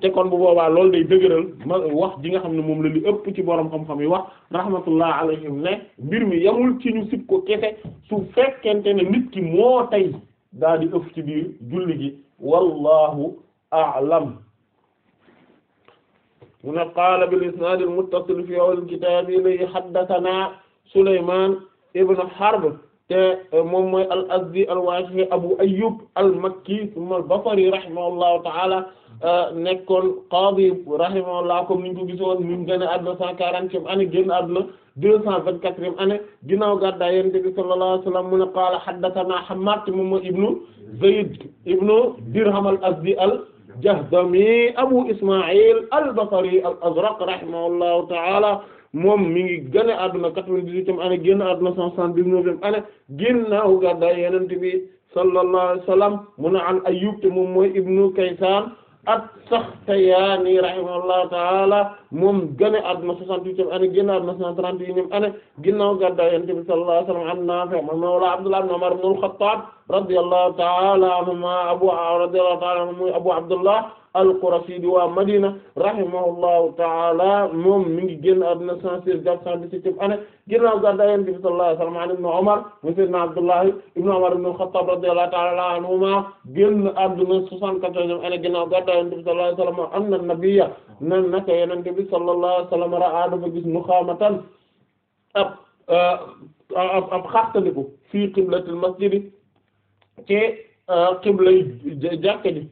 te kon bu boobaa loolu day dëgëral ma wax ji nga xam ne moom la li ëpp ci borom xam-xam yi wax rahmatullah alayhim ne mbir mi yamul ci ñu sib ko kese su fekkente ne nit ki moo tey daal di ëf ci biir julli gi wallahu a'lam mu ne qaala bil isnaad al muttasil fi awwal al kitaab ilayhi haddathana ibn Harb te euh, moom mooy al azdi al waaqi abu ayyub al makki summa al basri rahimahullahu ta'ala euh, nekkoon qaadi rahimahullah comme niñ ko gisoon ñu gën a àdduna cent quarantième année génn àdduna deux cent vingt-quatrième année ginnaaw gàddaay Yonent bi sallallahu alayhi wa sallam mu ne qaala haddathanaa Hammaad moom mooy ibnu Zayd ibnu Dirham al azdi al jahdami abu Isma'il al basri al azraq rahimahullahu ta'ala moom mi ngi gane àdduna quatre-vingt-dix-huitième année génn àdduna cent soixante-dix-neuvième année ginnaaw gàddaay yonent bi sallallahu alayhi wa sallam mu ne an Ayyub te moom mooy ibnu Kaysaan at-Saxtiyaani rahimahullahu taala moom gane àdduna soixante-huitième année génn àdduna cent trente-et-unième année ginnaaw gàddaay yonent bi sallallahu alayhi wa sallam an Naafi' mawla Abdullah ibn Umar ibn al-Khattab radiyallahu taala anhuma abu radiyallahu taala anhuma abu Abdullah al-Qurashi di waa Madina rahimahullahu ta'ala moom mi ngi génn àdduna 116 jàpp 117 année ginnaaw gàddaay Yonent bi sallallahu alayhi wa sallam an Ibn Umar mu sayyidina Abdullah ibn Umar ibn al-Khattab radiyallahu ta'ala anhuma génn àdduna 74 année ginnaaw gàddaay Yonent bi sallallahu alayhi wa sallam anna an-nabiyya nan naka Yonent bi sallallahu alayhi wa sallam ra'a dafa gis nuxaamatan euh, ab ab ab xartandiku fii qiblatil masjid ci euh, qiblay jàkka ji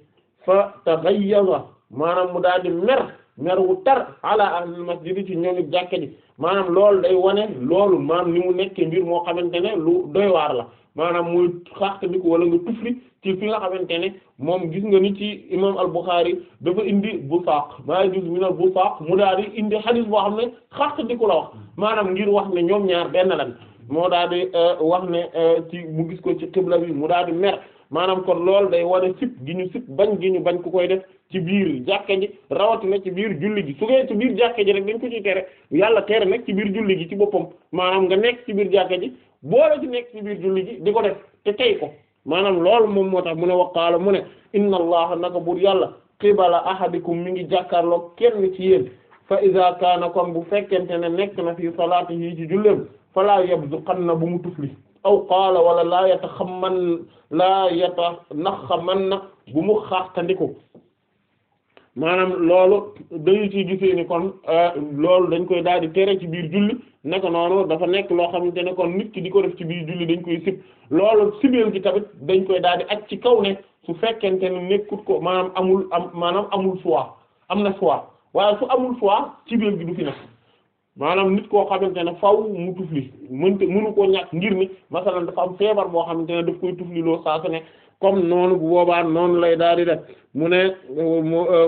fa taghayyaza maanaam mu daal di mer mer wu tar ala ahlil masjid ci ñooñu jàkka ji maanaam lool day wane loolu maanaam ni mu nekkee mbir moo xamante ne lu doy waar la maanaam muy xaxtandiku wala nga tufli ci fi nga xamante ne moom gis nga ni ci imam al-Bukhari dafa indi busaq maa gis minal busaq mu daal di indi xadis boo xam ne xaxtandiku la wax maanaam ngir wax ne ñoom ñaar benn lan moo daal di euh, wax ne euh, ci mu gis ko ci xibla bi mu daal di mer maanaam kon lool day wane sip gi ñu sip bañ gi ñu bañ ku koy def ci biir jàkka ji rawatina ci biir julli gi su ngeen ci biir jàkka ji rek dañ ko ci tere yàlla tere nag ci biir julli gi ci boppam maanaam nga nekk ci biir jàkka ji boole ci nekk ci biir julli gi di ko def te tey ko maanaam lool moom moo tax mu ne waqaala mu ne inna allaha naka buur yàlla qibala ahadikum mu ngi jàkkaarloo kenn ci yéen fa iza kaana kon bu fekkente ne nekk na fi salaati yi ci julleem falaa yabzuqanna bu mu tufli aw qaala wala laa xam man laa man naxamanna bu mu xaxtandiku maanaam loolu dañu ciy gisee ni kon euh, loolu dañ koy daal di tere ci biir julli naka noonu dafa nekk loo xamante ne kon nit ki di ko def ci biir julli dañ koy sib loolu sibeel gi tamit dañ koy daal di aj ci kaw ne su fekkente ne nekkut ko maanaam amul am maanaam amul foi am na foi waaye su amul foi sibeel gi du fi nekk maanaam nit ko xamante ne faw mu tufli mënta mënu koo ñàkk ngir mi masalan dafa am feebar boo xamante ne daf koy tufli loo saa su ne comme noonu bu boobaa noonu lay daal di def mu ne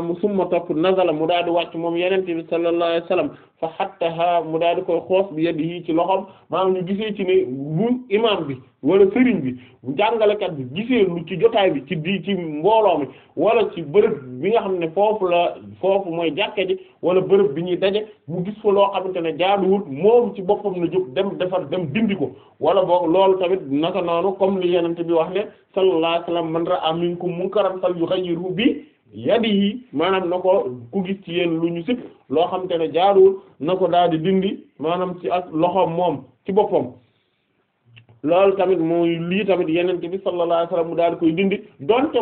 mu summa topp nazala mu daal di wàcc moom yeneen bi sallallahu alayhi wasallam fa xattaha mu daal di koy xoos bi yedd yi ci loxoom maanaam ñu gisee ci ne bu imam bi wala sëriñ bi jàngalekat bi gisee lu ci jotaay bi ci di ci mbooloo mi wala ci bërëb bi nga xam ne foofu la foofu mooy jàkke ji wala bërëb bi ñuy daje mu gis fa loo xamante ne jaaduwut moom ci boppam na jóg dem defar dem dindi ko wala boog loolu tamit naka noonu comme li yenente bi wax ne sallallahu alayhi wasallam man ra'a minkum munkaran falyughayyirhu bi yadihi maanaam na ko ku gis ci yéen lu ñu sib loo xam te ne jaarul na ko daal di dindi maanaam ci ak loxoom moom ci boppam loolu tamit mooy lii tamit yeneen bi sallallahu alayhi wasallam mu daal di koy dindi donte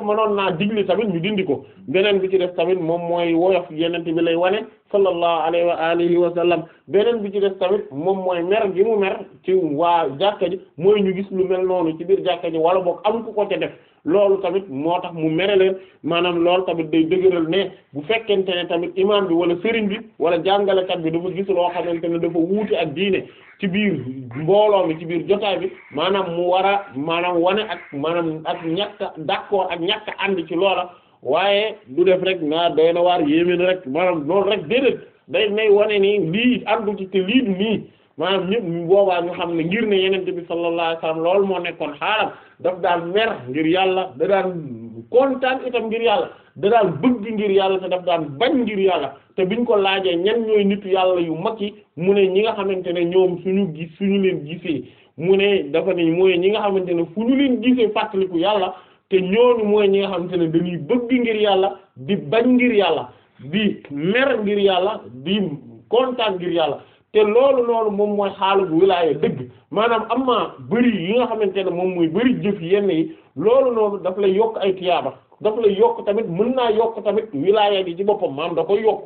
tamit ñu dindi ko beneen bi ci tamit moom mooy woyof yeneen bi lay wane sallallahu alayhi wa alihi wa sallam beneen bi ci def tamit moom mooy mer gi mu mer ci waa jàkka ji mooy ñu gis lu mel noonu ci biir jàkka ji wala boo am ku ko ca def loolu tamit moo tax mu mere leen maanaam loolu tamit day dëgëral ne bu fekkente ne tamit imaam bi wala sëriñ bi wala jàngalekat bi dafa gis loo xamante ne dafa wuute ak diine ci biir mbooloo mi ci biir jotaay bi maanaam mu war a maanaam wane ak maanaam ak ñàkk d'accord ak ñàkk ànd ci loola waaye du def rek naa doy na waar yéeme na rek maanaam lool rek déedéet day nay wane nii lii àndu ci te lii du nii maanaam ñëpp boobaa ñu xam ne ngir ne yenente bi sallallahu alayhi wasallam loolu moo nekkoon xaalam daf daan mer ngir yàlla da daan kontaan itam ngir yàlla da daan bëgg ngir yàlla te daf daan bañ ngir yàlla te biñ ko laajee ñan ñooy nitu yàlla yu mag yi mu ne ñi nga xamante ne ñoom suñu gis suñu leen gisee mu ne dafa ne mooy ñi nga xamante ne fu ñu leen gisee fàttaliku yàlla te ñooñu mooy ñi nga xamante ne dañuy bëgg ngir yàlla di bañ ngir yàlla di mer ngir yàlla di kontaan yàlla te loolu loolu moom mooy xaalu bu wilaaya dëgg maanaam am amma bëri yi nga xamante ne moom mooy bëri jëf yenn yi loolu loolu daf lay yokk ay tiyaaba daf lay yokk tamit mën naa yokk tamit wilaaya bi ci boppam maam da koy yokk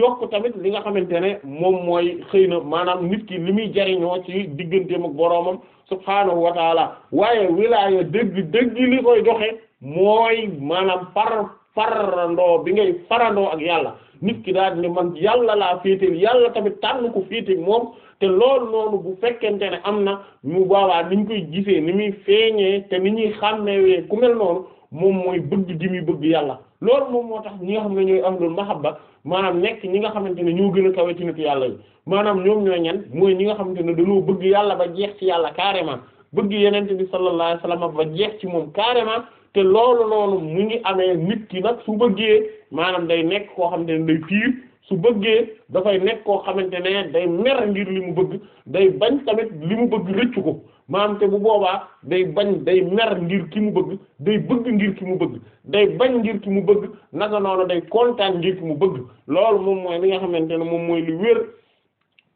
yokk tamit li nga xamante ne moom mooy xëy na maanaam nit ki li muy jariñoo ci digganteem ak boroomam subhaanahu wa taala waaye wilaaya dëgg dëgg li koy doxe mooy maanaam par farandoo bi ngay farandoo ak yàlla nit ki daal ne man yàlla laa féeteel yàlla tamit tànn ko féeteel moom te loolu noonu bu fekkente ne am na mu boobaa ni ñu koy gisee ni muy feeñee te ni ñuy xàmmewee ku mel noonu moom mooy bëgg di muy bëgg yàlla loolu moom moo tax ñi nga xam ne am ñooy ahlul mahabba maanaam nekk ñi nga xamante ne ñoo gën a kawe ci nit yàlla yi maanaam ñoom ñooy ñan mooy ñi nga xamante ne dañoo bëgg yàlla ba jeex ci yàlla carrément bëgg yenente bi sallallahu alayhi wasallam ba jeex ci moom carrément te loolu noonu mu ngi amee nit ki nag su bëggee maanaam day nekk koo xamante ne day fiir su bëggee dafay nekk koo xamante ne day mer ngir li mu bëgg day bañ tamit li mu bëgg rëccu ko maanaam te bu boobaa day bañ day mer ngir ki mu bëgg day bëgg ngir ki mu bëgg day bañ ngir ki mu bëgg naka noonu day kontaan ngir ki mu bëgg loolu moom mooy li nga xamante ne moom mooy li wér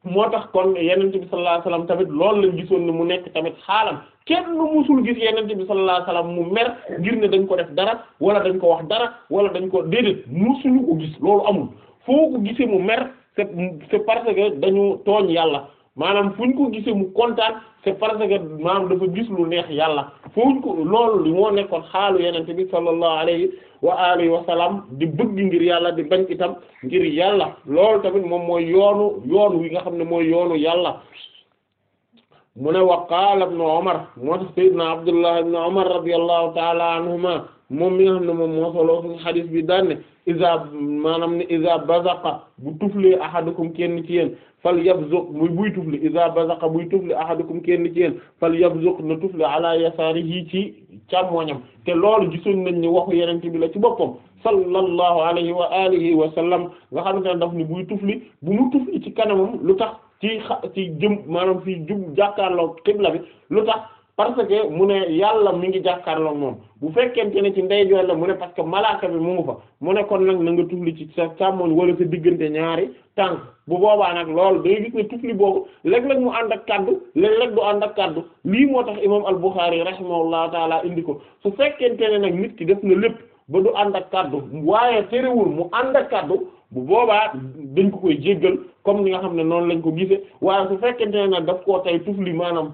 moo tax kon yenent bi sallallahu alayhi wasallam tamit loolu lañ gisoon ne mu nekk tamit xaalam kenn musul gis yenent bi sallallahu alayhi wasallam mu mer ngir ne dañ ko def dara wala dañ ko wax dara wala dañ ko déedéet musuñu ko gis loolu amul foo ko gisee mu mer c'est c'est parce que dañu tooñ yàlla maanaam fu ñu ko gisee mu kontaan c'est parce que maanaam dafa gis lu neex yàlla fu ñu ko loolu moo nekkoon xaalu yenente bi sallallahu alayhi wa alihi wa salaam di bëgg ngir yàlla di bañ itam ngir yàlla lool tamit moom mooy yoonu yoon wi nga xam ne mooy yoonu yàlla mu ne wa qaala ibn moo tax sayyidna Abdullah ibn Umar radiyallahu ta'ala anhuma moom mi nga xam ne moom moo solo suñu xadis bi daan ne iza maanaam ne iza bazaqa bu tuflee ahadukum kenn ci yéen fal yabzuq muy buy tufli iza bazaqa buy tufli ahadukum kenn ci yéen fal yabzuq na tufli ala yasaarihi ci càmmoñam te loolu gisoon nañ ni waxu yeneen bi la ci boppam sallallahu alayhi wa alihi wa sallam nga xamante ne daf ni buy tufli bu mu tufli ci kanamam lu tax ci xa ci jëm maanaam fii jub jàkkaarloo xibla bi lu tax parce que mu ne yàlla mu ngi jàkkaarloo moom bu fekkente ne ci ndey ndeyjoor la mu ne parce que malaaka bi mu ngi fa mu ne kon nag na nga tufli ci sa càmmoñ wala sa diggante ñaari tànk bu boobaa nag lool day gis ne tufli boobu léeg-léeg mu ànd ak kaddu léeg-léeg du ànd ak kàddu lii moo tax imaam al-Bukhari rahimahullahu taala indi ko su fekkente ne nag nit ki def na lépp ba du ànd ak kàddu waaye terewul mu ànd ak kaddu. bu boobaa dañ ko koy jéggal comme ni nga xam ne noonu lañ ko gisee waaye su fekkente koo tey tufli maanaam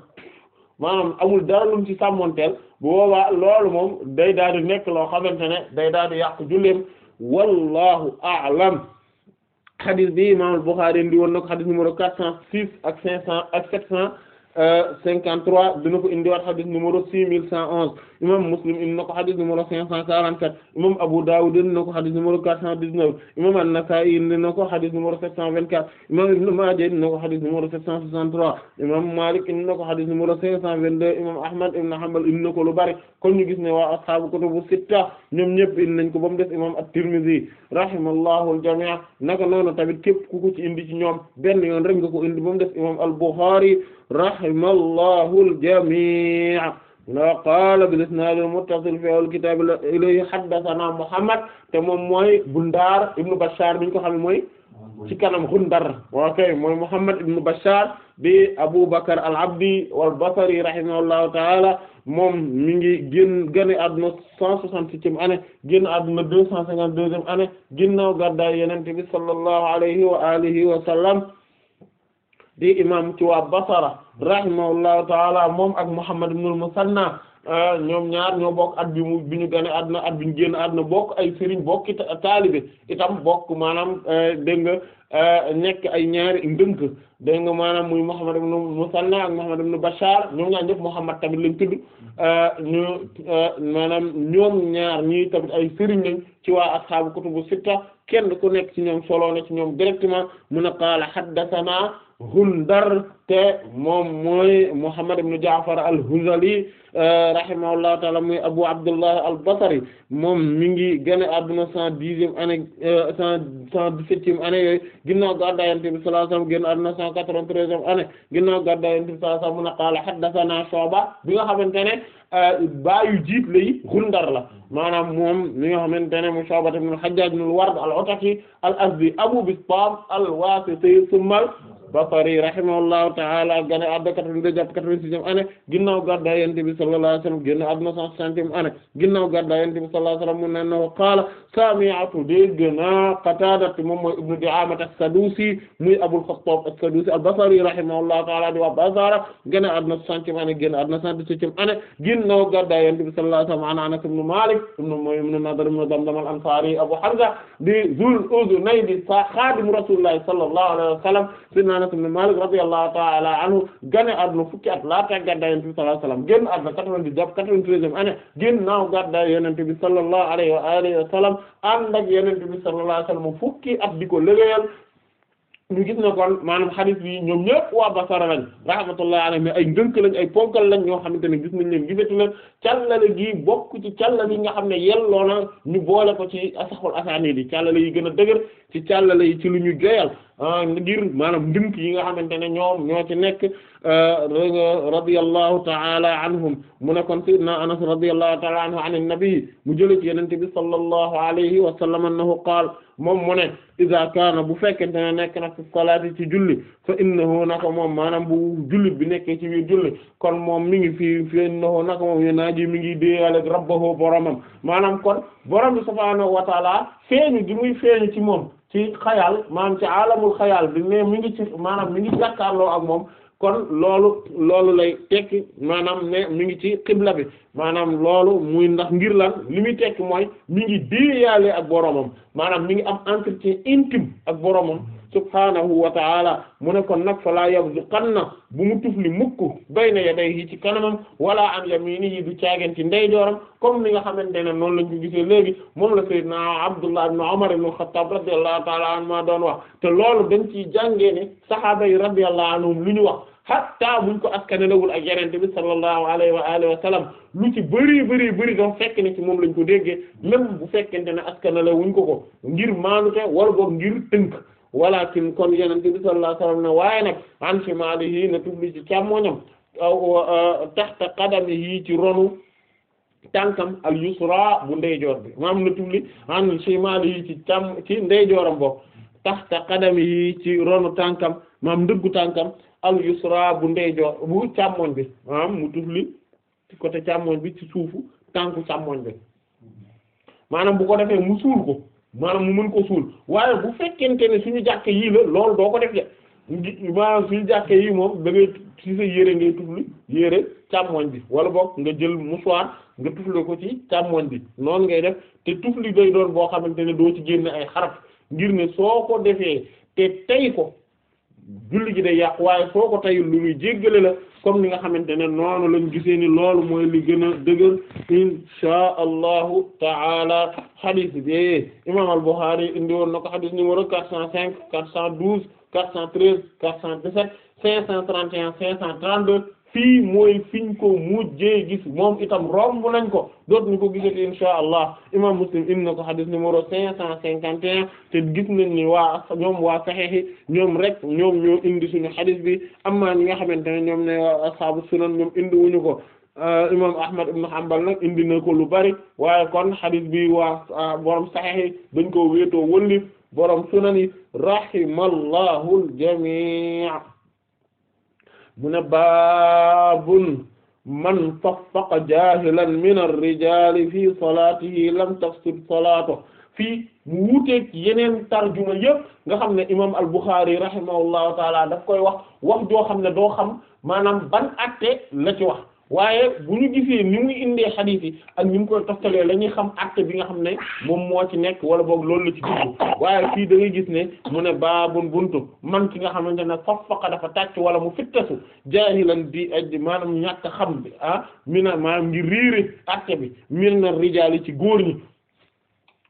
maanaam amul dara lum mu ci sàmmonteel bu boobaa loolu moom day daal di nekk loo xamante ne day daal di yàq julleem wallahu a'lam xadis bi imaam al Buxaari indi woon na ko numéro quatre cent six ak cinq cent ak sept cent 53 dina ko indiwaat xadis numéro 6111 imam Muslim indi na ko xadis numéro 544 imam Abu Dawud indi na ko xadis numéro 419 imam An-Nasa'i indi na ko xadis numéro 724 imam Ibn Majah indi na ko xadis numéro 763 imam Malik indi na ko xadis numéro 522 imam Ahmad ibn Hanbal indi ko bari kon ñu gis ne waa ashaabu kutubu sitta ñoom ñëpp indi nañ ko ba mu des imam At-Tirmidhi rahimaallahu aljamia naka noonu tamit képp ku ko ci indi ci ñoom benn yoon rek nga ko indi moom def imam al-Bukhari rahimaallahu aljamia la qaala bil isnaad al muttasil fi al kitaab ilayhi haddathana Muhammad te moom mooy Bundaar ibnu Bashar biñ ko xam ne mooy ci kanam Gundar waa kay mooy Muhammad ibn Bashar bi Abu Bakr al-Abdi wal-Basri rahimahullahu ta'ala moom mi ngi génn gane àdduna cent soixante-septième année génn àdduna deux cent cinquante-deuxième année ginnaaw gàddaay Yonent bi sallallahu alayhi wa alihi wa sallam di imam ci waa Basra rahimahullahu ta'ala moom ak Muhammad ibn musanna Euh, ñoom ñaar ñoo bokk at bi mu bi ñu gane àdduna at bi ñu génn àdduna bokk ay sëriñ bokk taalibe itam bokk maanaam euh, dégg nga Euh, nekk ay ñaari ndënk dégg nga maanaam muy Muhammad ibn Musanna ak Muhammad ibn Bashar ñoom ñaar ñëpp Muhammad tamit lañ tudd euh, ñu euh, maanaam ñoom ñaar ñii tamit ay sëriñ lañ ci waa ashaabu kutubu sitta kenn ku nekk ci ñoom solo ci ñoom directement mun a qaala haddathana Hundar te moom mooy Muhammad ibn Ja'far al-Huzali rahimahullahu ta'ala muy Abu Abdullah al-Basri moom mi ngi gën a adduna cent dixième année cent cent dix-septième année yooyu ginnaaw gàddaay Yonent bi sallallahu alayhi wasallam génn àdduna cent quatre-vingt-treizième année ginnaaw gàddaay Yonent bi sallallahu alayhi wasallam qaala haddathana Shu'ba bi nga xamante ne euh, baayu jiit lay Gundar la maanaam moom mi nga xamante ne mu Shu'ba ibn al-Hajjaj ibn al-Ward al-Ataki al-Azdi Abu Bistam al-Wasiti al-Basri rahimahullahu ta'ala gane àdduna 82 jàpp 86e année ginnaaw gàddaay Yonent bi sallallahu alayhi wa sallam génn àdduna 160e année ginnaaw gàddaay Yonent bi sallallahu alayhi wa sallam mu ne na qaala sami'tu dégg naa Qataada moom mooy ibnu Di'aama as-Sadusi muy Abul Khattab as-Sadusi al-Basri rahimahullahu ta'ala di waa Basra gane àdduna 60e année génn àdduna 117e année ginnaaw gàddaay Yonent bi sallallahu alayhi wa sallam an Anas ibn Malik ibn mooy ibn Nadr ibn Damdam al-Ansari Abu Hamza di Zul Uzunayd di xaadimu Rasulillahi sallallahu alayhi wa sallam Anas ibn Malik radiyallahu ta'ala anhu gane àdduna fukki at laata gàddaay Yonent bi sallallahu alayhi wasallam génn àdduna 90 jàpp 93e année ginnaaw gàddaay Yonent bi sallallahu alayhi wa alihi wa sallam ànd ak Yonent bi sallallahu alayhi wa sallam fukki at di ko liggéeyal ñu gis ne kon maanaam xadis bi ñoom ñëpp waa Basara lañ rahmatullahi alayhim ay ndënk lañ ay ponkal lañ ñoo xamante ne gis nañ leen gisatu leen càllale gi bokk ci càllale yi nga xam ne yelloo na ñu boole ko ci asaxul asaani yi càllale yi gën a dëgër ci càllale yi ci lu ñu joyal ah, ngir maanaam ndimk yi nga xamante ne ñoom ñoo ci nekk euh, radiyallahu ta'ala anhum mu nekkoon sayyidina anas radiyallahu ta'ala anhu an an mu jële ci yenente bi sallallahu alayhi wa sallam annahu qaal moom mu ne iza kaana bu fekkente ne nekk na fi salaati ci julli fa innahu naka moom maanaam bu jullit bi nekkee ci biir julli kon moom mi ngi fii fa innahu naka moom yo naaji mi ngi déeyal ak rabbahu boromam maanaam kon wa taala feeñu gi muy feeñu ci moom ci xayal maanaam ci alamul xayal bi mais mi ngi ci maanaam mi ngi jàkkaarloo ak moom kon loolu loolu lay tekki maanaam mu ngi ci xibla bi maanaam loolu muy ndax ngir la li muy tekki mooy mi ngi déeyaale ak boromam maanaam mi ngi am ci intime ak boromam subhaanahu wa ta'ala mu ne kon nag falaa yabzuqanna bu mu tufli mukk bayna yadayhi ci kanamam wala an yaminihi du caagen ci ndeyjooram comme li nga xamante ne noonu lañ ko gisee léegi moom la sayyidna Abdullah ibn Umar ibn Khattab radiyallahu ta'ala anhuma doon wax te loolu dañ ciy jàngee ne sahaaba yi radiyallahu anhum lu ñu wax hatta buñ ko askanalewul ak yenente bi sallallahu alayhi wa alihi wa sallam lu ci bëri bëri bëri dafa fekk ne ci moom lañ ko déggee même bu fekkente ne askanalewuñ ko ko ngir maanute wala boog ngir tënk walakin kon yenente bi sallallahu alayhi wasallam ne waaye nag an shimalihi na tubli ci càmmoñam taxta qadamihi ci ronu tànkam al yusra bu ndeyjoor bi maam na tubli an shimalihi ci càmm ci ndeyjooram bopp taxta qadamihi ci ronu tànkam maam ndëggu tànkam al yusra bu ndeyjoor bu càmmoñ bi maam mu tubli ci côté càmmoñ bi ci suufu tànku càmmoñ bi maanaam bu ko defee mu suul ko maanaam mu mën ko suul waaye bu fekkente ne suñu jàkke yii la loolu doo ko def de maanaam suñu jàkke yii moom da ngay ci sa yére ngay tufli yére càmmoñ bi wala bokk nga jël mouchoir nga tufle ko ci càmmoñ bi noonu ngay def te tufli day doon boo xamante ne doo ci génne ay xaraf ngir ne soo ko defee te tey ko julli gi de yàqu waaye soo ko tayul lu muy la comme li nga xamante ne noonu lañ gisee ni loolu mooy li gën a dëgër insha allahu taala xadis bi imam al-Bukhari indi woon na ko xadis numéro quatre cent cinq quatre cent douze quatre cent treize quatre cent dix-sept cinq cent trente et un cinq cent trente-deux fii mooy fiñ ko mujjee gis moom itam romb nañ ko doot ñu ko gisati insha allah imam muslim in na ko xadis numéro cinq cent cinquante et un te gis nañ ni waa ñoom waa saxeexi ñoom rek ñoom ñoo indi suñu xadis bi amaa ñi nga xamante ne ñoom ne ashabu sunan ñoom indi wuñu ko euh, imam ahmad ibn hanbal nag indi na ko lu bari waaye kon xadis bi waa euh, borom saxeexi dañ ko wéetoo wëllif borom sunan yi rahimallahu al jami' mu ne baabun man faffaqa jaahilan min ar-rijaali fii salaatihi lam tafsud salaatahu fii mu wuuteeg yeneen tarjuma yëpp nga xam ne imaam al-Bukhari rahimahullahu taala daf koy wax wax joo xam ne doo xam maanaam ban atte la ci wax waaye bu ñu gisee ni muy indee xadiis yi ak ni mu koy toftalee la ñuy xam acte bi nga xam ne moom moo ci nekk wala boobu loolu la ci dugg waaye fii da ngay gis ne mu ne baabun buntu man ki nga xamante ne faffaqa dafa tàcc wala mu fittasu jaahilan di aj maanam ñàkk xam bi ah mi na maanaam ngi riire acte bi min na rijaali ci góor ñi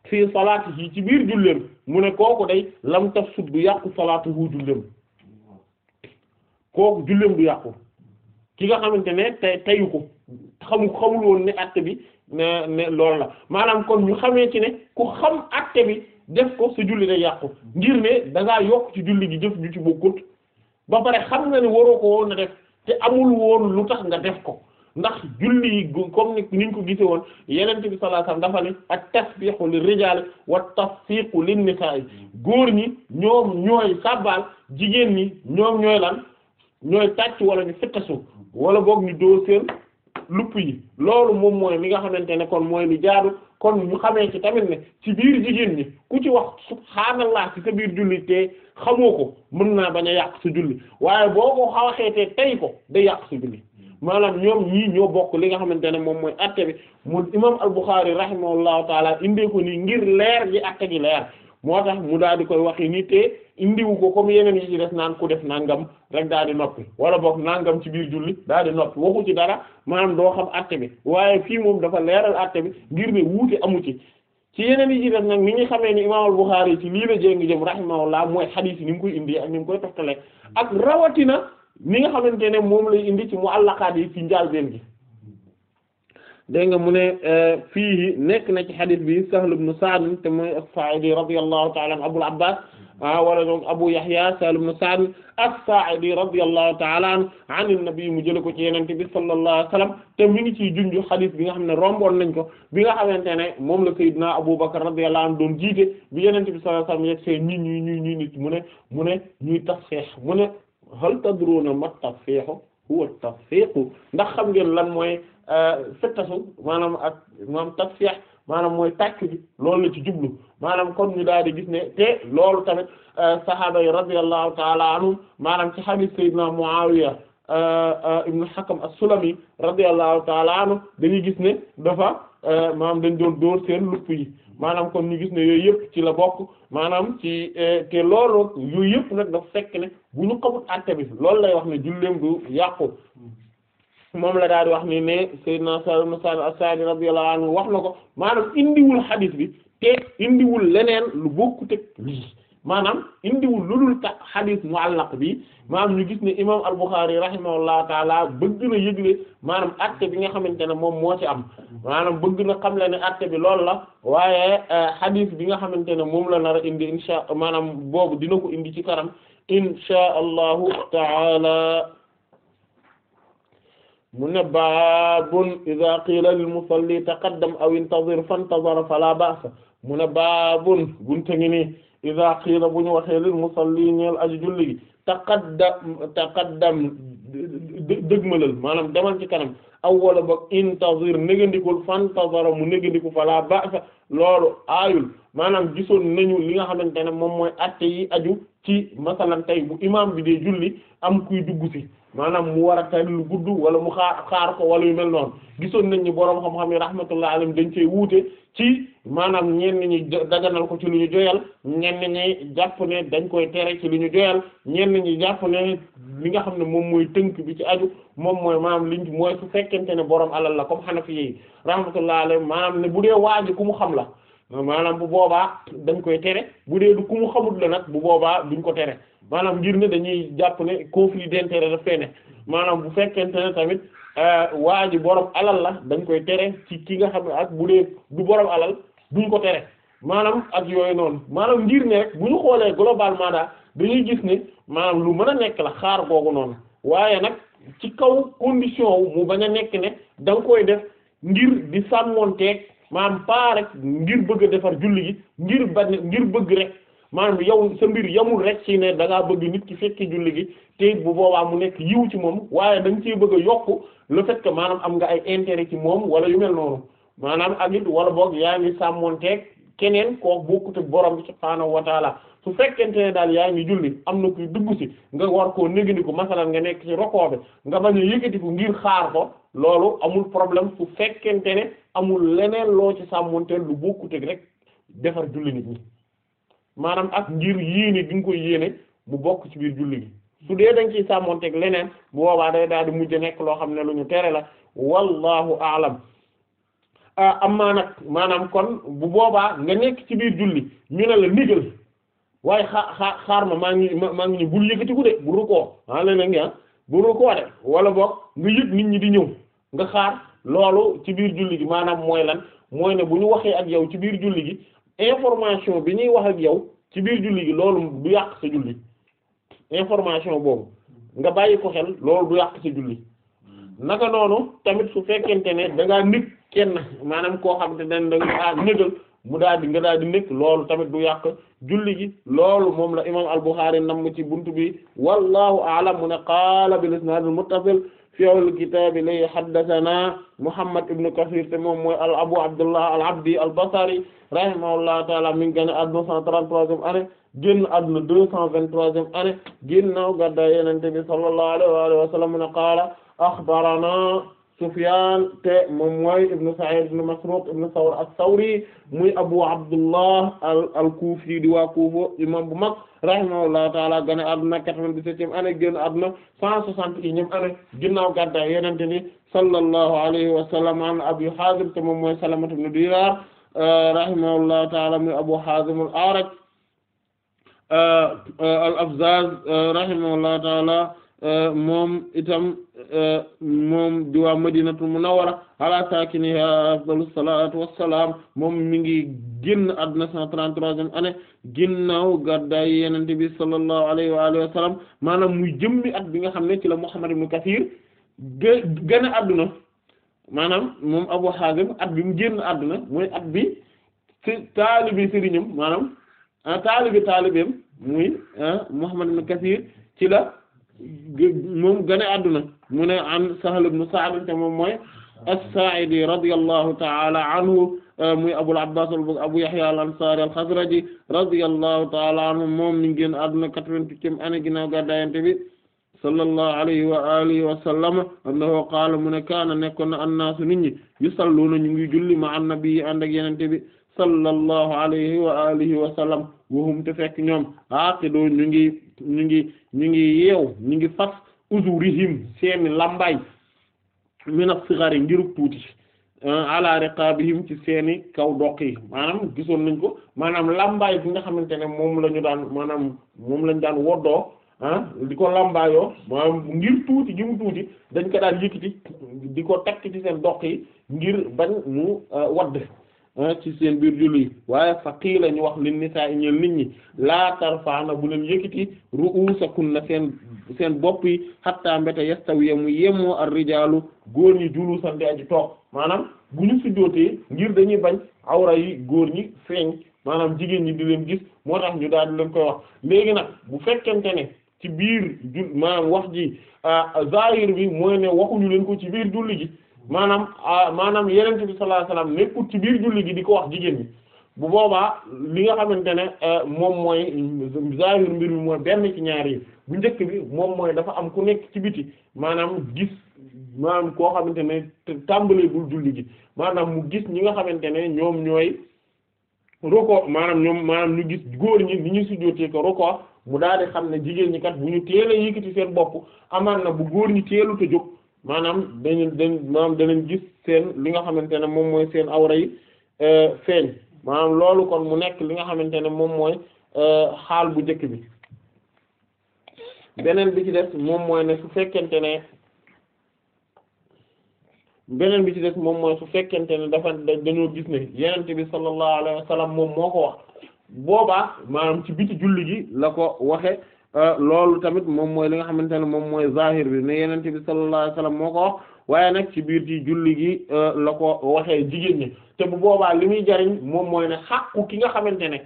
fii salaati yi ci biir julleem mu ne kooku day lam taf sut du yàqu salaatu hu julleem kooku julleem du yàqu ki nga xamante ne tey teyu ko xamu xamul woon ni àtte bi ne ne loolu la maanaam kon ñu xamee ci ne ku xam àtte bi def ko su julli day yàqu ngir ne dangaa yokk ci julli gi jëf ju ci bokkut ba pare xam na ne waroo ko woon na def te amul woon lu tax nga def ko ndax julli yi comme ni niñ ko gise woon yeneen bi sallallahu alayhi wasallam dafa ne at-tasbihu lir-rijal wa at-tasfiqu lin-nisaa góor ñi ñoom ñooy sabbal jigéen ñi ñoom ñooy lan ñooy tàcc wala ñu fittasu wala boog ñu dóor lupp yi loolu moom mooy li nga xamante ne kon mooy li jaadu kon ñu xamee ci tamit ne ci biir jigéen ñi ku ci wax subhaanallah ci sa biir julli te xamoo ko mën naa bañ a yàq sa julli waaye boo ko xawaxee te tey ko day yàq sa julli maanaam ñoom ñii ñoo bokk li nga xamante ne moom mooy atte bi mu imam al-Bukhari rahimahullahu taala indee ko nii ngir leer gi atte gi leer moo tax mu daal di koy waxi ni te indiwu ko comme yeneen yi ci des naan ku def nangam rek daal di noppi wala boog nangam ci biir julli daal di noppi waxu ci dara maanaam doo xam àtte bi waaye fii moom dafa leeral àtte bi ngir ne wuute amu ci ci yeneen yi ci des nag ni ñu xamee ni imaam al-Bukhari ci lii la jéngi jëm rahimahullah mooy xadiis yi ni mu koy indi ak ni mu koy toftale ak rawatina ni nga xamante ne moom lay indi ci muallaqaat yi ci njàlbeen gi dégg nga mu ne euh, fii nekk na ci xadis bi Sahl ibn Sa'd te muy as-Saa'idi radiyallahu ta'ala anhu Abul Abbas ah wala donc Abu Yahya Sahl ibn Sa'd as-Saa'idi radiyallahu ta'ala anhu an an-nabi mu jële ko ci Yonent bi sallallahu alayhi wa sallam te mi ngi ciy junj xadis bi nga xam ne romboon nañ ko bi nga xamante ne moom la Seydina Abu Bakr radiyallahu anhu doon jiite bi Yonent bi sallallahu alayhi wa sallam yegg see ñi ñuy ñuy nit mu ne mu ne ñuy tasfiix mu ne hal tadruuna ma tasfiixu huwa tasfiixu ndax xam ngeen lan mooy fettasu euh, maanaam ak moom tasfiix maanaam mooy tàkk loolu la ci jublu maanaam kon ñu daal di gis ne te loolu tamit euh, sahaaba yi radiyallahu taala anhum maanaam ci hadith sayyidina Muawiya euh, ibnu Hakam as-Sulami radiyallahu taala anhu dañuy gis ne dafa maanaam dañ doon dóor seen lupp yi maanaam kon ñu gis ne yooyu yëpp ci la bokk maanaam ci te loolu yooyu yëpp nag dafa fekk ne bu ñu xamul àtte bi loolu lay wax ne julleem du yàqu moom la daal di wax ni ne Seydina Sa'd ibn Sa'd as-Sa'di radiyallahu anhu wax na ko maanaam indiwul xadis bi te indiwul leneen lu bokkut ak maanaam indiwul lu dul ta xadis mu'allaq bi maanaam ñu gis ne imam al-Bukhari rahimahullahu taala bëgg na yëgle maanaam acte bi nga xamante ne moom moo ci am maanaam bëgg na xam le ne acte bi loolu la waaye euh, xadis bi nga xamante ne moom la nar indi insha maanaam boobu dina ko indi ci karam insha allahu taala mu ne baabun iza qila lil musalli taqaddam aw intazir fantazara fala ba'sa mu ne baabun bunte ngi nii iza qila bu ñu waxee lil musalli ñeel aji julli gi taqaddam taqaddam dëgmalal maanaam demal ci kanam awwala ba intazir négandikul fantazara mu négandiku fala ba'sa loolu aayul maanaam gisoon nañu li nga xamante ne moom mooy atte yi aju ci masalan tey bu imam bi dee julli am kuy dugg si maanaam mu war a tari lu gudd wala mu xaar xaar ko wala yu mel noonu gisoon nañ ni boroom xam-xam yi rahmatullah alayhi dañ cee wuute ci maanaam ñenn ñi daganal ko ci lu ñu joyal ñenn ñi jàpp ne dañ koy tere ci lu ñu joyal ñenn ñi jàpp ne li nga xam ne moom mooy tënk bi ci aju moom mooy maanaam liñ mooy su fekkente ne boroom alal la comme Hanafi yi rahmatullah alayhi maanaam ne bu dee waaji ku mu xam la maanaam bu boobaa dañ koy tere bu dee du ku mu xamut la nag bu boobaa duñ ko tere maanaam ngir ne dañuy jàpp ne conflit d'intérêt daf fee ne maanaam bu fekkente ne tamit euh, waa ji borom alal la dañ koy tere ci ki nga xam ne ak bu dee du borom alal duñ ko tere maanaam ak yooyu noonu maanaam ngir ne rek bu ñu xoolee globalement daal dañuy gis ne maanaam lu mën a nekk la xaar googu noonu waaye nag ci kaw condition mu bañ a nekk ne da nga koy def ngir di sàmmoonteeg maanaam pas rek ngir bëgg a defar julli gi ngir bañ ngir bëgg rek maanaam yow sa mbir yamul rek ci ne da ngaa bëgg nit ki fekki julli gi te bu boobaa mu nekk yiw ci moom waaye da nga cee bëgg yokk le fait que maanaam am nga ay intérêt ci moom wala yu mel noonu maanaam ak it wala boog yaa ngi sàmmonteeg keneen koo bokkut ak borom bi subhaanahu wa taala su fekkente ne daal yaa ngi julli am na kuy dugg ci nga war koo négandiku masalan nga nekk ci rokoo bi nga bañ a ko ngir xaar ko loolu amul problème su fekkente ne amul leneen loo ci sàmmonteel lu bokkuteg rek defar julli nit ñi maanaam ak ngir yéene gi nga koy yéene mu bokk ci biir julli gi dee dañ ciy sàmmonteg leneen bu daal di mujj nekk loo xam ne lu ñu tere la wallahu aalam ah, amma nag maanaam kon bu boobaa nga nekk ci biir julli ñu ne la waaye xaa xaar ma maa ngi maa ngi ñu bul yëkkati de bu rukkoo ah leneen nga bu rukkoo de wala boog nga yëg nit ñi di ñëw nga xaar loolu ci biir julli gi maanaam mooy lan mooy ne bu ñu waxee ak yow ci biir julli gi information bi ñuy wax ak yow ci biir julli gi loolu du yàq sa julli information boobu nga bàyyi ko xel loolu du yàq sa julli naka noonu tamit su fekkente ne da ngaa nekk kenn maanaam koo xam ne da négal mu daal di nga daal di nekk loolu tamit du yàq julli gi loolu moom la imam al-Bukhari namm ci bunt bi wallahu a'lam mu ne qaala bil isnaad al-muttasil fi awwal kitaab li haddathana Muhammad ibn Kathir te moom mooy al Abu Abdullah al Abdi al Basri rahimahullahu ta'ala mi ngi génn àdduna 133e année génn àdduna 223e année ginnaaw gàddaay Yonent bi sallallahu alayhi wa sallam qaala akhbarana Sufyaan te moom mooy ibnu Sa'iid ibnu Masruuq ibnu Sawr as-Sawri muy Abu Abdullah al al-Kuufi di imam bu mag rahimahullahu ta'ala gane àdduna 97e année génn àdduna 161e année ginnaaw gàddaay Yonent bi sallallahu alayhi wa sallam an Abi Haazim te moom mooy Salama ibnu Dinaar euh, rahimahullahu ta'ala muy Abu Haazim al-A'raj euh, euh, al-Abzaaz ta'ala moom itam moom di waa madinatul munawwara ala saakiniha afdalu salaatu wassalaam moom mi ngi génn àdduna cent trente-troisième année ginnaaw gàddaay yonent bi sallallahu alayhi wa maanaam muy jëmmi at bi nga xam ne ci la Muhammad ibn Kathir gë àdduna maanaam moom Abu Hazim at bi mu génn àdduna mooy at bi ci taalibi sëriñam maanaam ah, taalibi taalibeem muy ah, Muhammad ibn Kathir ci la moom gane adduna mu ne an Sahl ibn Sa'd te moom mooy as-Sa'idi radiyallahu ta'ala anhu euh, muy Abul Abbas Abu Yahya al-Ansari al-Khazraji radiyallahu ta'ala anhu moom mi ngi aduna adduna quatre-vingt-huitième année ginnaaw gàddaay Yonent bi sallallahu alayhi wa alihi wa annahu qaala mu kaana nekkoon na annaasu nit ñi yusalluuna ñu ngi julli ma annabi ànd ak Yonent bi sallallahu alayhi wa alihi wa sallam fekk ñoom aaqidoon ñu ngi ñu ñu ngi yeew ñu ngi fas uzurihim seeni lambaay mina sigari ngiruk tuuti euh, ala riqabihim ci seeni kaw doq yi maanaam gisoon nañ ko maanaam lambaay bi nga xamante ne moom lañu daan maanaam moom lañ daan woddoo ah di ko lambaayoo ngir tuuti gi mu tuuti dañ ko daan yëkkati di ko takk ci seen doq yi ngir bañ mu euh, wadd Ah, ci seen biir julli waaye fa qiila ñu wax lin nisaa i ñeen nit ñi laa tarfaana bu leen yëkkati ru'usakunna na seen bopp yi hatta mbéte yastawiya mu yemoo ar rijaalu góor ñi julu sante aji toog maanaam bu ñu sujjootee ngir dañuy bañ awra yi góor ñi feeñ maanaam jigéen ñi di leen gis moo tax ñu daal di leen koy wax léegi nag bu fekkente ne ci biir ju maanaam wax ji a ah, zahir bi mooy ne waxuñu leen ko ci biir julli ji maanaam ah, maanaam yenente bi sallallahu alayhi wasallam ci biir julli gi di ko wax jigéen ñi bu boobaa li nga xamante ne eh, moom mooy zahir mbir mi mooy benn ci ñaar yi bu njëkk bi moom mooy dafa am ku nekk ci biti maanaam gis maanaam koo xamante ne tàmbalee bul julli gi maanaam mu gis ñi nga xamante ne ñoom ñooy roko maanaam ñoom maanaam ñu gis góor ñi ni ñu sujjóotee ko roko mu daal di xam ne jigéen ñi kat bu ñu teel a yëkkati seen bopp amaan na bu góor ñi teelu te jóg maanaam dañu dañ maanaam danañ gis seen li nga xamante ne moom mooy seen awra yi euh, feeñ maanaam loolu kon mu nekk li nga xamante ne moom mooy euh, xaal bu njëkk bi beneen bi ci des moom mooy ne su fekkente ne beneen bi ci des moom mooy su fekkente ne dafa dañoo gis ne yenent bi sallallahu alayhi wa moom moo ko wax boobaa maanaam ci biti julli gi la ko waxe Euh, loolu tamit moom mooy li nga xamante ne moom mooy zahir bi yeneen yenente bi sallallahu alayhi wasallam moo ko wax waaye nag ci biir ci julli gi euh, la ko waxee jigéen ñi te bu boobaa li muy jariñ moom mooy ne xàqu ki nga xamante ne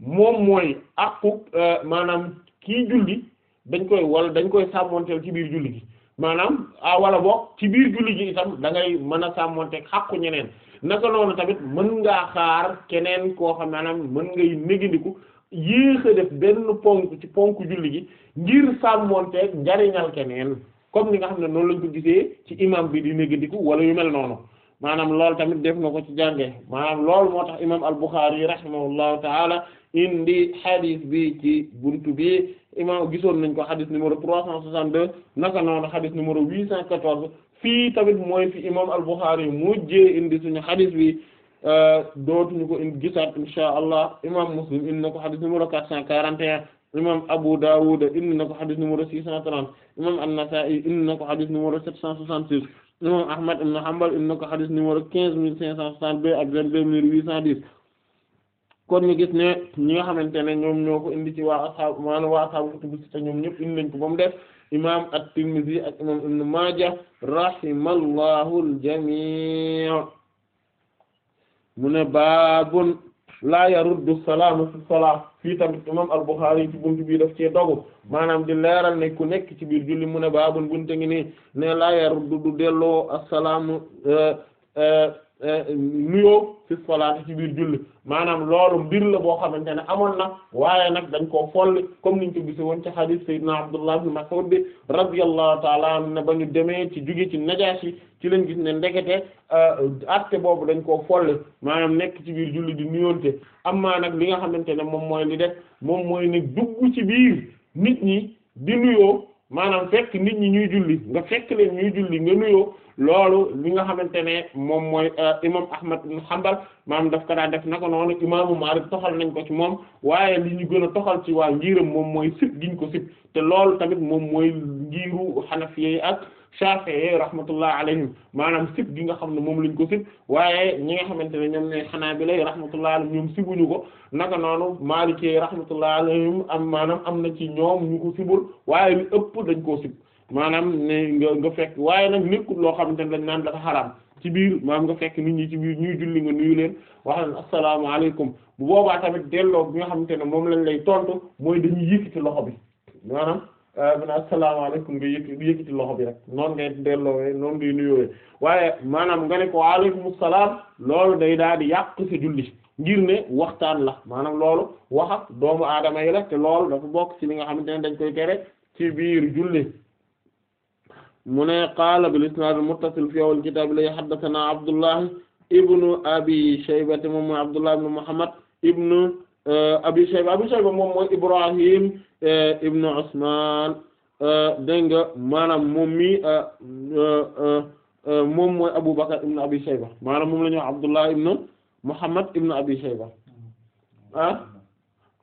moom mooy àqu euh, maanaam kii julli dañ koy wala dañ koy sàmmonteel ci biir julli gi maanaam ah wala boog ci biir julli gi itam da ngay mën a sàmmonteeg xàqu ñeneen naka noonu tamit mën nga xaar keneen koo xam maanaam mën ngay négandiku yéex a def benn ponk ci ponk julli gi ngir sàmmonteeg njariñal keneen comme ni nga xam ne noonu lañ ko gisee ci imam bi di négandiku wala yu mel noonu maanaam lool tamit def na ko ci jànge maanaam loolu moo tax imam al-Bukhari rahimahullahu taala indi hadith bi ci buntu bi imam gisoon nañ ko hadith numéro 362 naka noonu hadith numéro 814 fii tamit mooy fi imam al-Bukhari mujjee indi suñu hadith bi Euh, dootuñu ko in gisaat insha allah imam muslim indi ko xadis numéro quatre cent quarante et un abu dawud indi na ko xadis numéro six cent trente imam an-nasa'i na ko xadis numéro sept cent soixante six imam ahmad ibn hanbal indi na ko xadis numéro quinze mille cinq cent soixante deux ak vingt-deux mille huit cent dix kon ñu gis ne ñi nga xamante ne ñoom ñoo ko indi ci waa ashab maanaam waa ashab kutubu sitta ñoom ñëpp indi nañ ko ba mu def imam at-tirmidhi ak imam ibn majah rahimallahu al mu ne baabun laa yaruddu salaamu fi salaam fii tamit imam al-Bukhari ci buntu bii daf cee dogu maanaam di leeral ne ku nekk ci biir julli mu ne baabun bunte ngi nii ne laa yaruddu du delloo assalaamu euh, euh, Eh, nuyoo fi salaati ci biir julli maanaam loolu mbir la boo xamante ne amoon na waaye nag dañ koo folli comme niñ ko gise woon ci hadith sayyidina Abdullah ibn Mas'ud bi radiyallahu ta'ala anhu ne ba ñu demee ci jóge ci Najashi ci lañ gis ne ndekete eh, acte boobu dañ koo folli maanaam nekk ci biir julli di nuyoonte amaa nag li nga xamante ne moom mooy li def moom mooy ne dugg ci biir nit ñi di nuyoo maanaam fekk nit ñi ñuy julli nga fekk leen ñuy julli nga nuyoo loolu li nga xamante ne moom mooy euh, imam Ahmad ibn Hanbal maam daf ko daan def naka noonu imaamu Maalik toxal nañ ko ci moom waaye li ñu gën a toxal ci waa ngiiram moom mooy sib giñ ko sib te loolu tamit moom mooy njiiru ngiiru Hanafi ak Shafi'i rahmatullah alayhim maanaam sib gi nga xam ne moom lañ ko sib waaye ñi nga xamante ne ñoom ne Hanabila rahmatullah alayhim ñoom sibuñu ko naka noonu Maliki rahmatullah alayhim am maanaam am na ci ñoom ñu ko sibul waaye lu ëpp dañ koo sib maanaam ne nga nga fekk waaye nag nekkul loo xam ne dañ naan dafa xaraam ci biir maam nga fekk nit ñi ci biir ñuy julli nga nuyu leen wax leen asalaamaaleykum bu boobaa tamit delloo bi nga xamante ne moom lañ lay tontu mooy dañuy ci loxo bi maanaam bi euh, na asalaamaaleykum nga yëkk loxo bi rek noonu ngay delloowee noonu ngay nuyoowee waaye maanaam nga ne ko waaleykum salaam loolu day daal di yàq sa julli ngir ne waxtaan la maanaam loolu wax doomu aadama yi la te loolu dafa bokk ci li nga xamante ne dañ koy tere ci biir julli mu ne qaala bil isnaad al muttasil fi awwal kitaab la haddathana abdullah ibnu abi shaybata moom mooy abdullah ibnu muhammad ibnu Euh, Abi Shayba Abi Shayba moom mooy Ibrahim euh, ibn Usman euh, dégg nga maanaam moom mii moom mooy Abu Bakr ibn maanaam moom lañuy wax Abdullah ibn Muhammad ibn Abi Shayba ah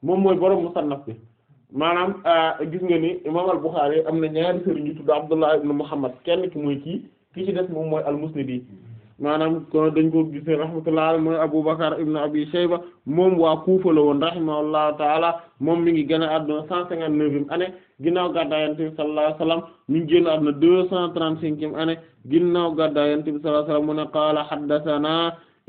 moom mooy borom musannaf bi maanaam gis nga ni imam al-Bukhari am na ñaari sëriñ ñu tudd Abdullah ibn Muhammad kenn ki mooy kii ki ci des moom mooy al-Musnidi maanaam kon dañ ko gisee rahmatullah ala mooy Aboubacar ibn Abi Shayba moom waa Kufa la woon rahimahullahu taala moom mi ngi gën a àdduna cent cinquante-neuvième année ginnaaw gàddaay Yonent bi sallallahu alayhi wa sallam mi ngi génn àdduna deux cent trente-cinquième année ginnaaw gàddaay Yonent bi sallallahu alayhi wa sallam mu ne qaala haddathana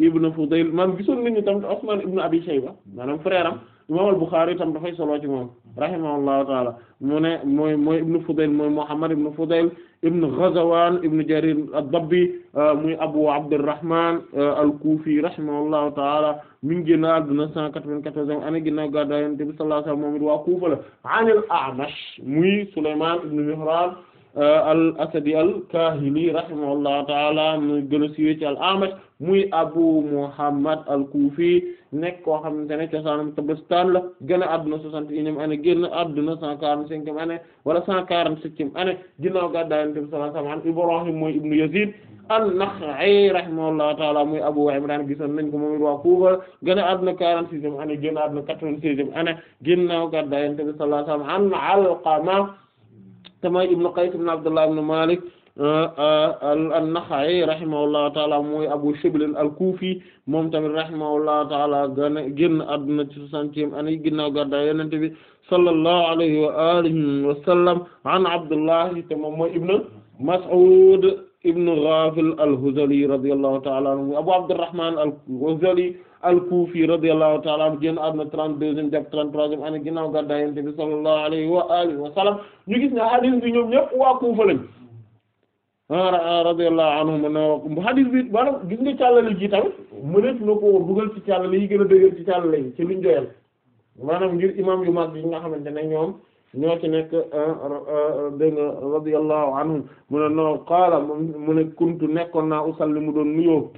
ibn Fudayl maanaam gisoon nañu tamit Usman ibn Abi Shayba maanaam frère am imam al-Bukhari tam dafay solo ci moom rahimahullahu taala mu ne mooy mooy ibn Fudayl mooy Muhammad ibn Fudayl ibn Ghazwan ibn Jarir ad-Dabbi euh, muy Abu Abdurrahman euh, al-Kufi rahimahullahu taala mi ngi génn àdduna cent quatre-vingt-quatorzième année ginnaaw gàddaay Yonent bi sallallahu alayhi wa sallam moom it waa Kufa la an al-A'mash muy Sulayman ibn Mihraan Euh, al asadi al kahili rahimahullahu taala mu gën a siiwee ci al amash muy abu muhammad al kufi nekk koo xamante ne cosaanam tabastan la gën a adduna soixante et unième année génn adduna cent quarante cinquième année wala cent quarante septième année ginnaaw gàddaay Yonent bi sallallahu alayhi wa sallam ibrahim mooy ibnu yazid an-Nakha'i rahimahullahu taala muy Abu Imran gisoon nañ ko moom it waa Kuufa gën a àdduna 46e année génn àdduna 96e année ginnaaw gàddaay Yonent bi sallallahu alayhi wa sallam an Alqama te mooy ibnu Qays ibn Abdullah ibn Malik ah, ah, an-Nakha'i rahimahullahu taala mooy Abu Shibl al-Kufi moom tamit rahimahullahu taala gane génn àdduna ci soixantième année ginnaaw gàddaay Yonent bi sallallahu alayhi wa alihi wa sallam an Abdullah te moom mooy ibnu Mas'ud ibnu Ghafil al-Huzali radiyallahu ta'ala anhu Abu Abdurrahman al-Huzali al-Kufi radiyallahu ta'ala anhu génn àdduna 32e jàpp 33e année ginnaaw gàddaay Yonent bi sallallahu alayhi wa alihi wa sallam ñu gis ne hadith bi ñoom ñëpp waa Kufa lañ radiyallahu anhum na hadith bi maanaam gis nga càllale ji na koo dugal ci ñoom ñoo ci nekk ah, ah, dégg nga radiyallahu anhum mu ne no qaala mu ne kuntu nekkoon naa usalli mu doon nuyoo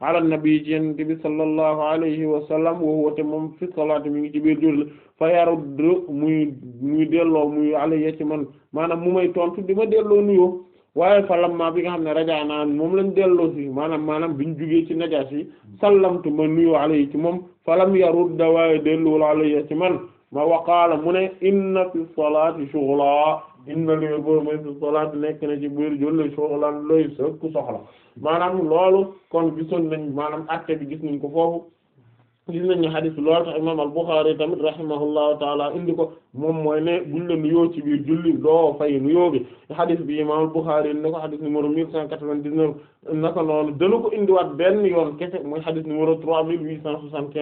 ala nabi ci yonent bi sallallahu alayhi wa sallam wa huwa te moom fi salaati mi ngi ci biir julli fa yaruddu muy muy delloo muy alayya ci man maanaam mu may tontu di ma delloo nuyoo waaye fa lamma bi nga xam ne rajaa naan moom lañ delloo si maanaam maanaam biñ jugee ci najaas yi sallamtu ma nuyoo alayhi ci moom fa lam yarudda waaye delluwul alayya ci man ma waqaala mu ne inna fi salaati shughla inna li bor mooy fi salaati nekk na ci biir julli shughla looy sëkk soxla maanaam loolu kon gisoon nañ maanaam acte bi gis nañ ko foofu gis nañ ne xadis bi loolu tax imam al-Bukhari tamit rahimahullahu taala indi ko moom mooy ne buñ la nuyoo ci biir julli doo fay nuyoo bi xadis bi imam al-Bukhari ne ko xadis numéro mille cent quatre vingt naka noonu dana ko indiwaat benn yoon kese mooy xadis numéro trois mille huit cent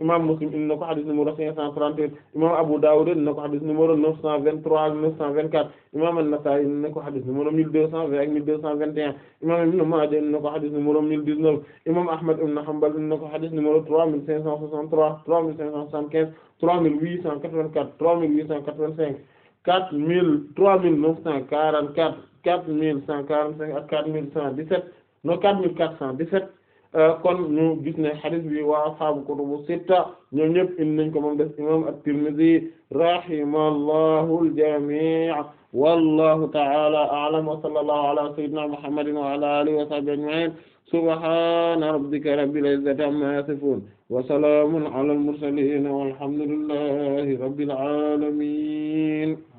imam Muslim indi na ko xadis numéro cinq cent imam Abu Dawud indi na ko xadis numéro neuf cent vingt trois neuf cent vingt quatre imam An-Nasa'i indi na ko xadis numéro mille deux cent vingt ak mille deux et un imam Ibn Maaja indi na ko xadis numéro mille dix imam Ahmad ibn Hanbal indi na ko xadis numéro trois mille cinq cent soixante trois trois mille cinq cent soixante quinze trois mille huit cent no 4417 euh, kon ñu gis ne hadith bi waa ashaabu kutubu sitta ñoom ñëpp indi nañ ko moom des imam at-Tirmidhi rahimallahu al-jami' wallahu ta'ala a'lam wa sallallahu ala sayyidina muhammadin wa ala alihi wa sahbihi ajma'in subhana rabbika rabbil izzati amma yasifun wa salamun ala al-mursalin walhamdulillahi rabbil alamin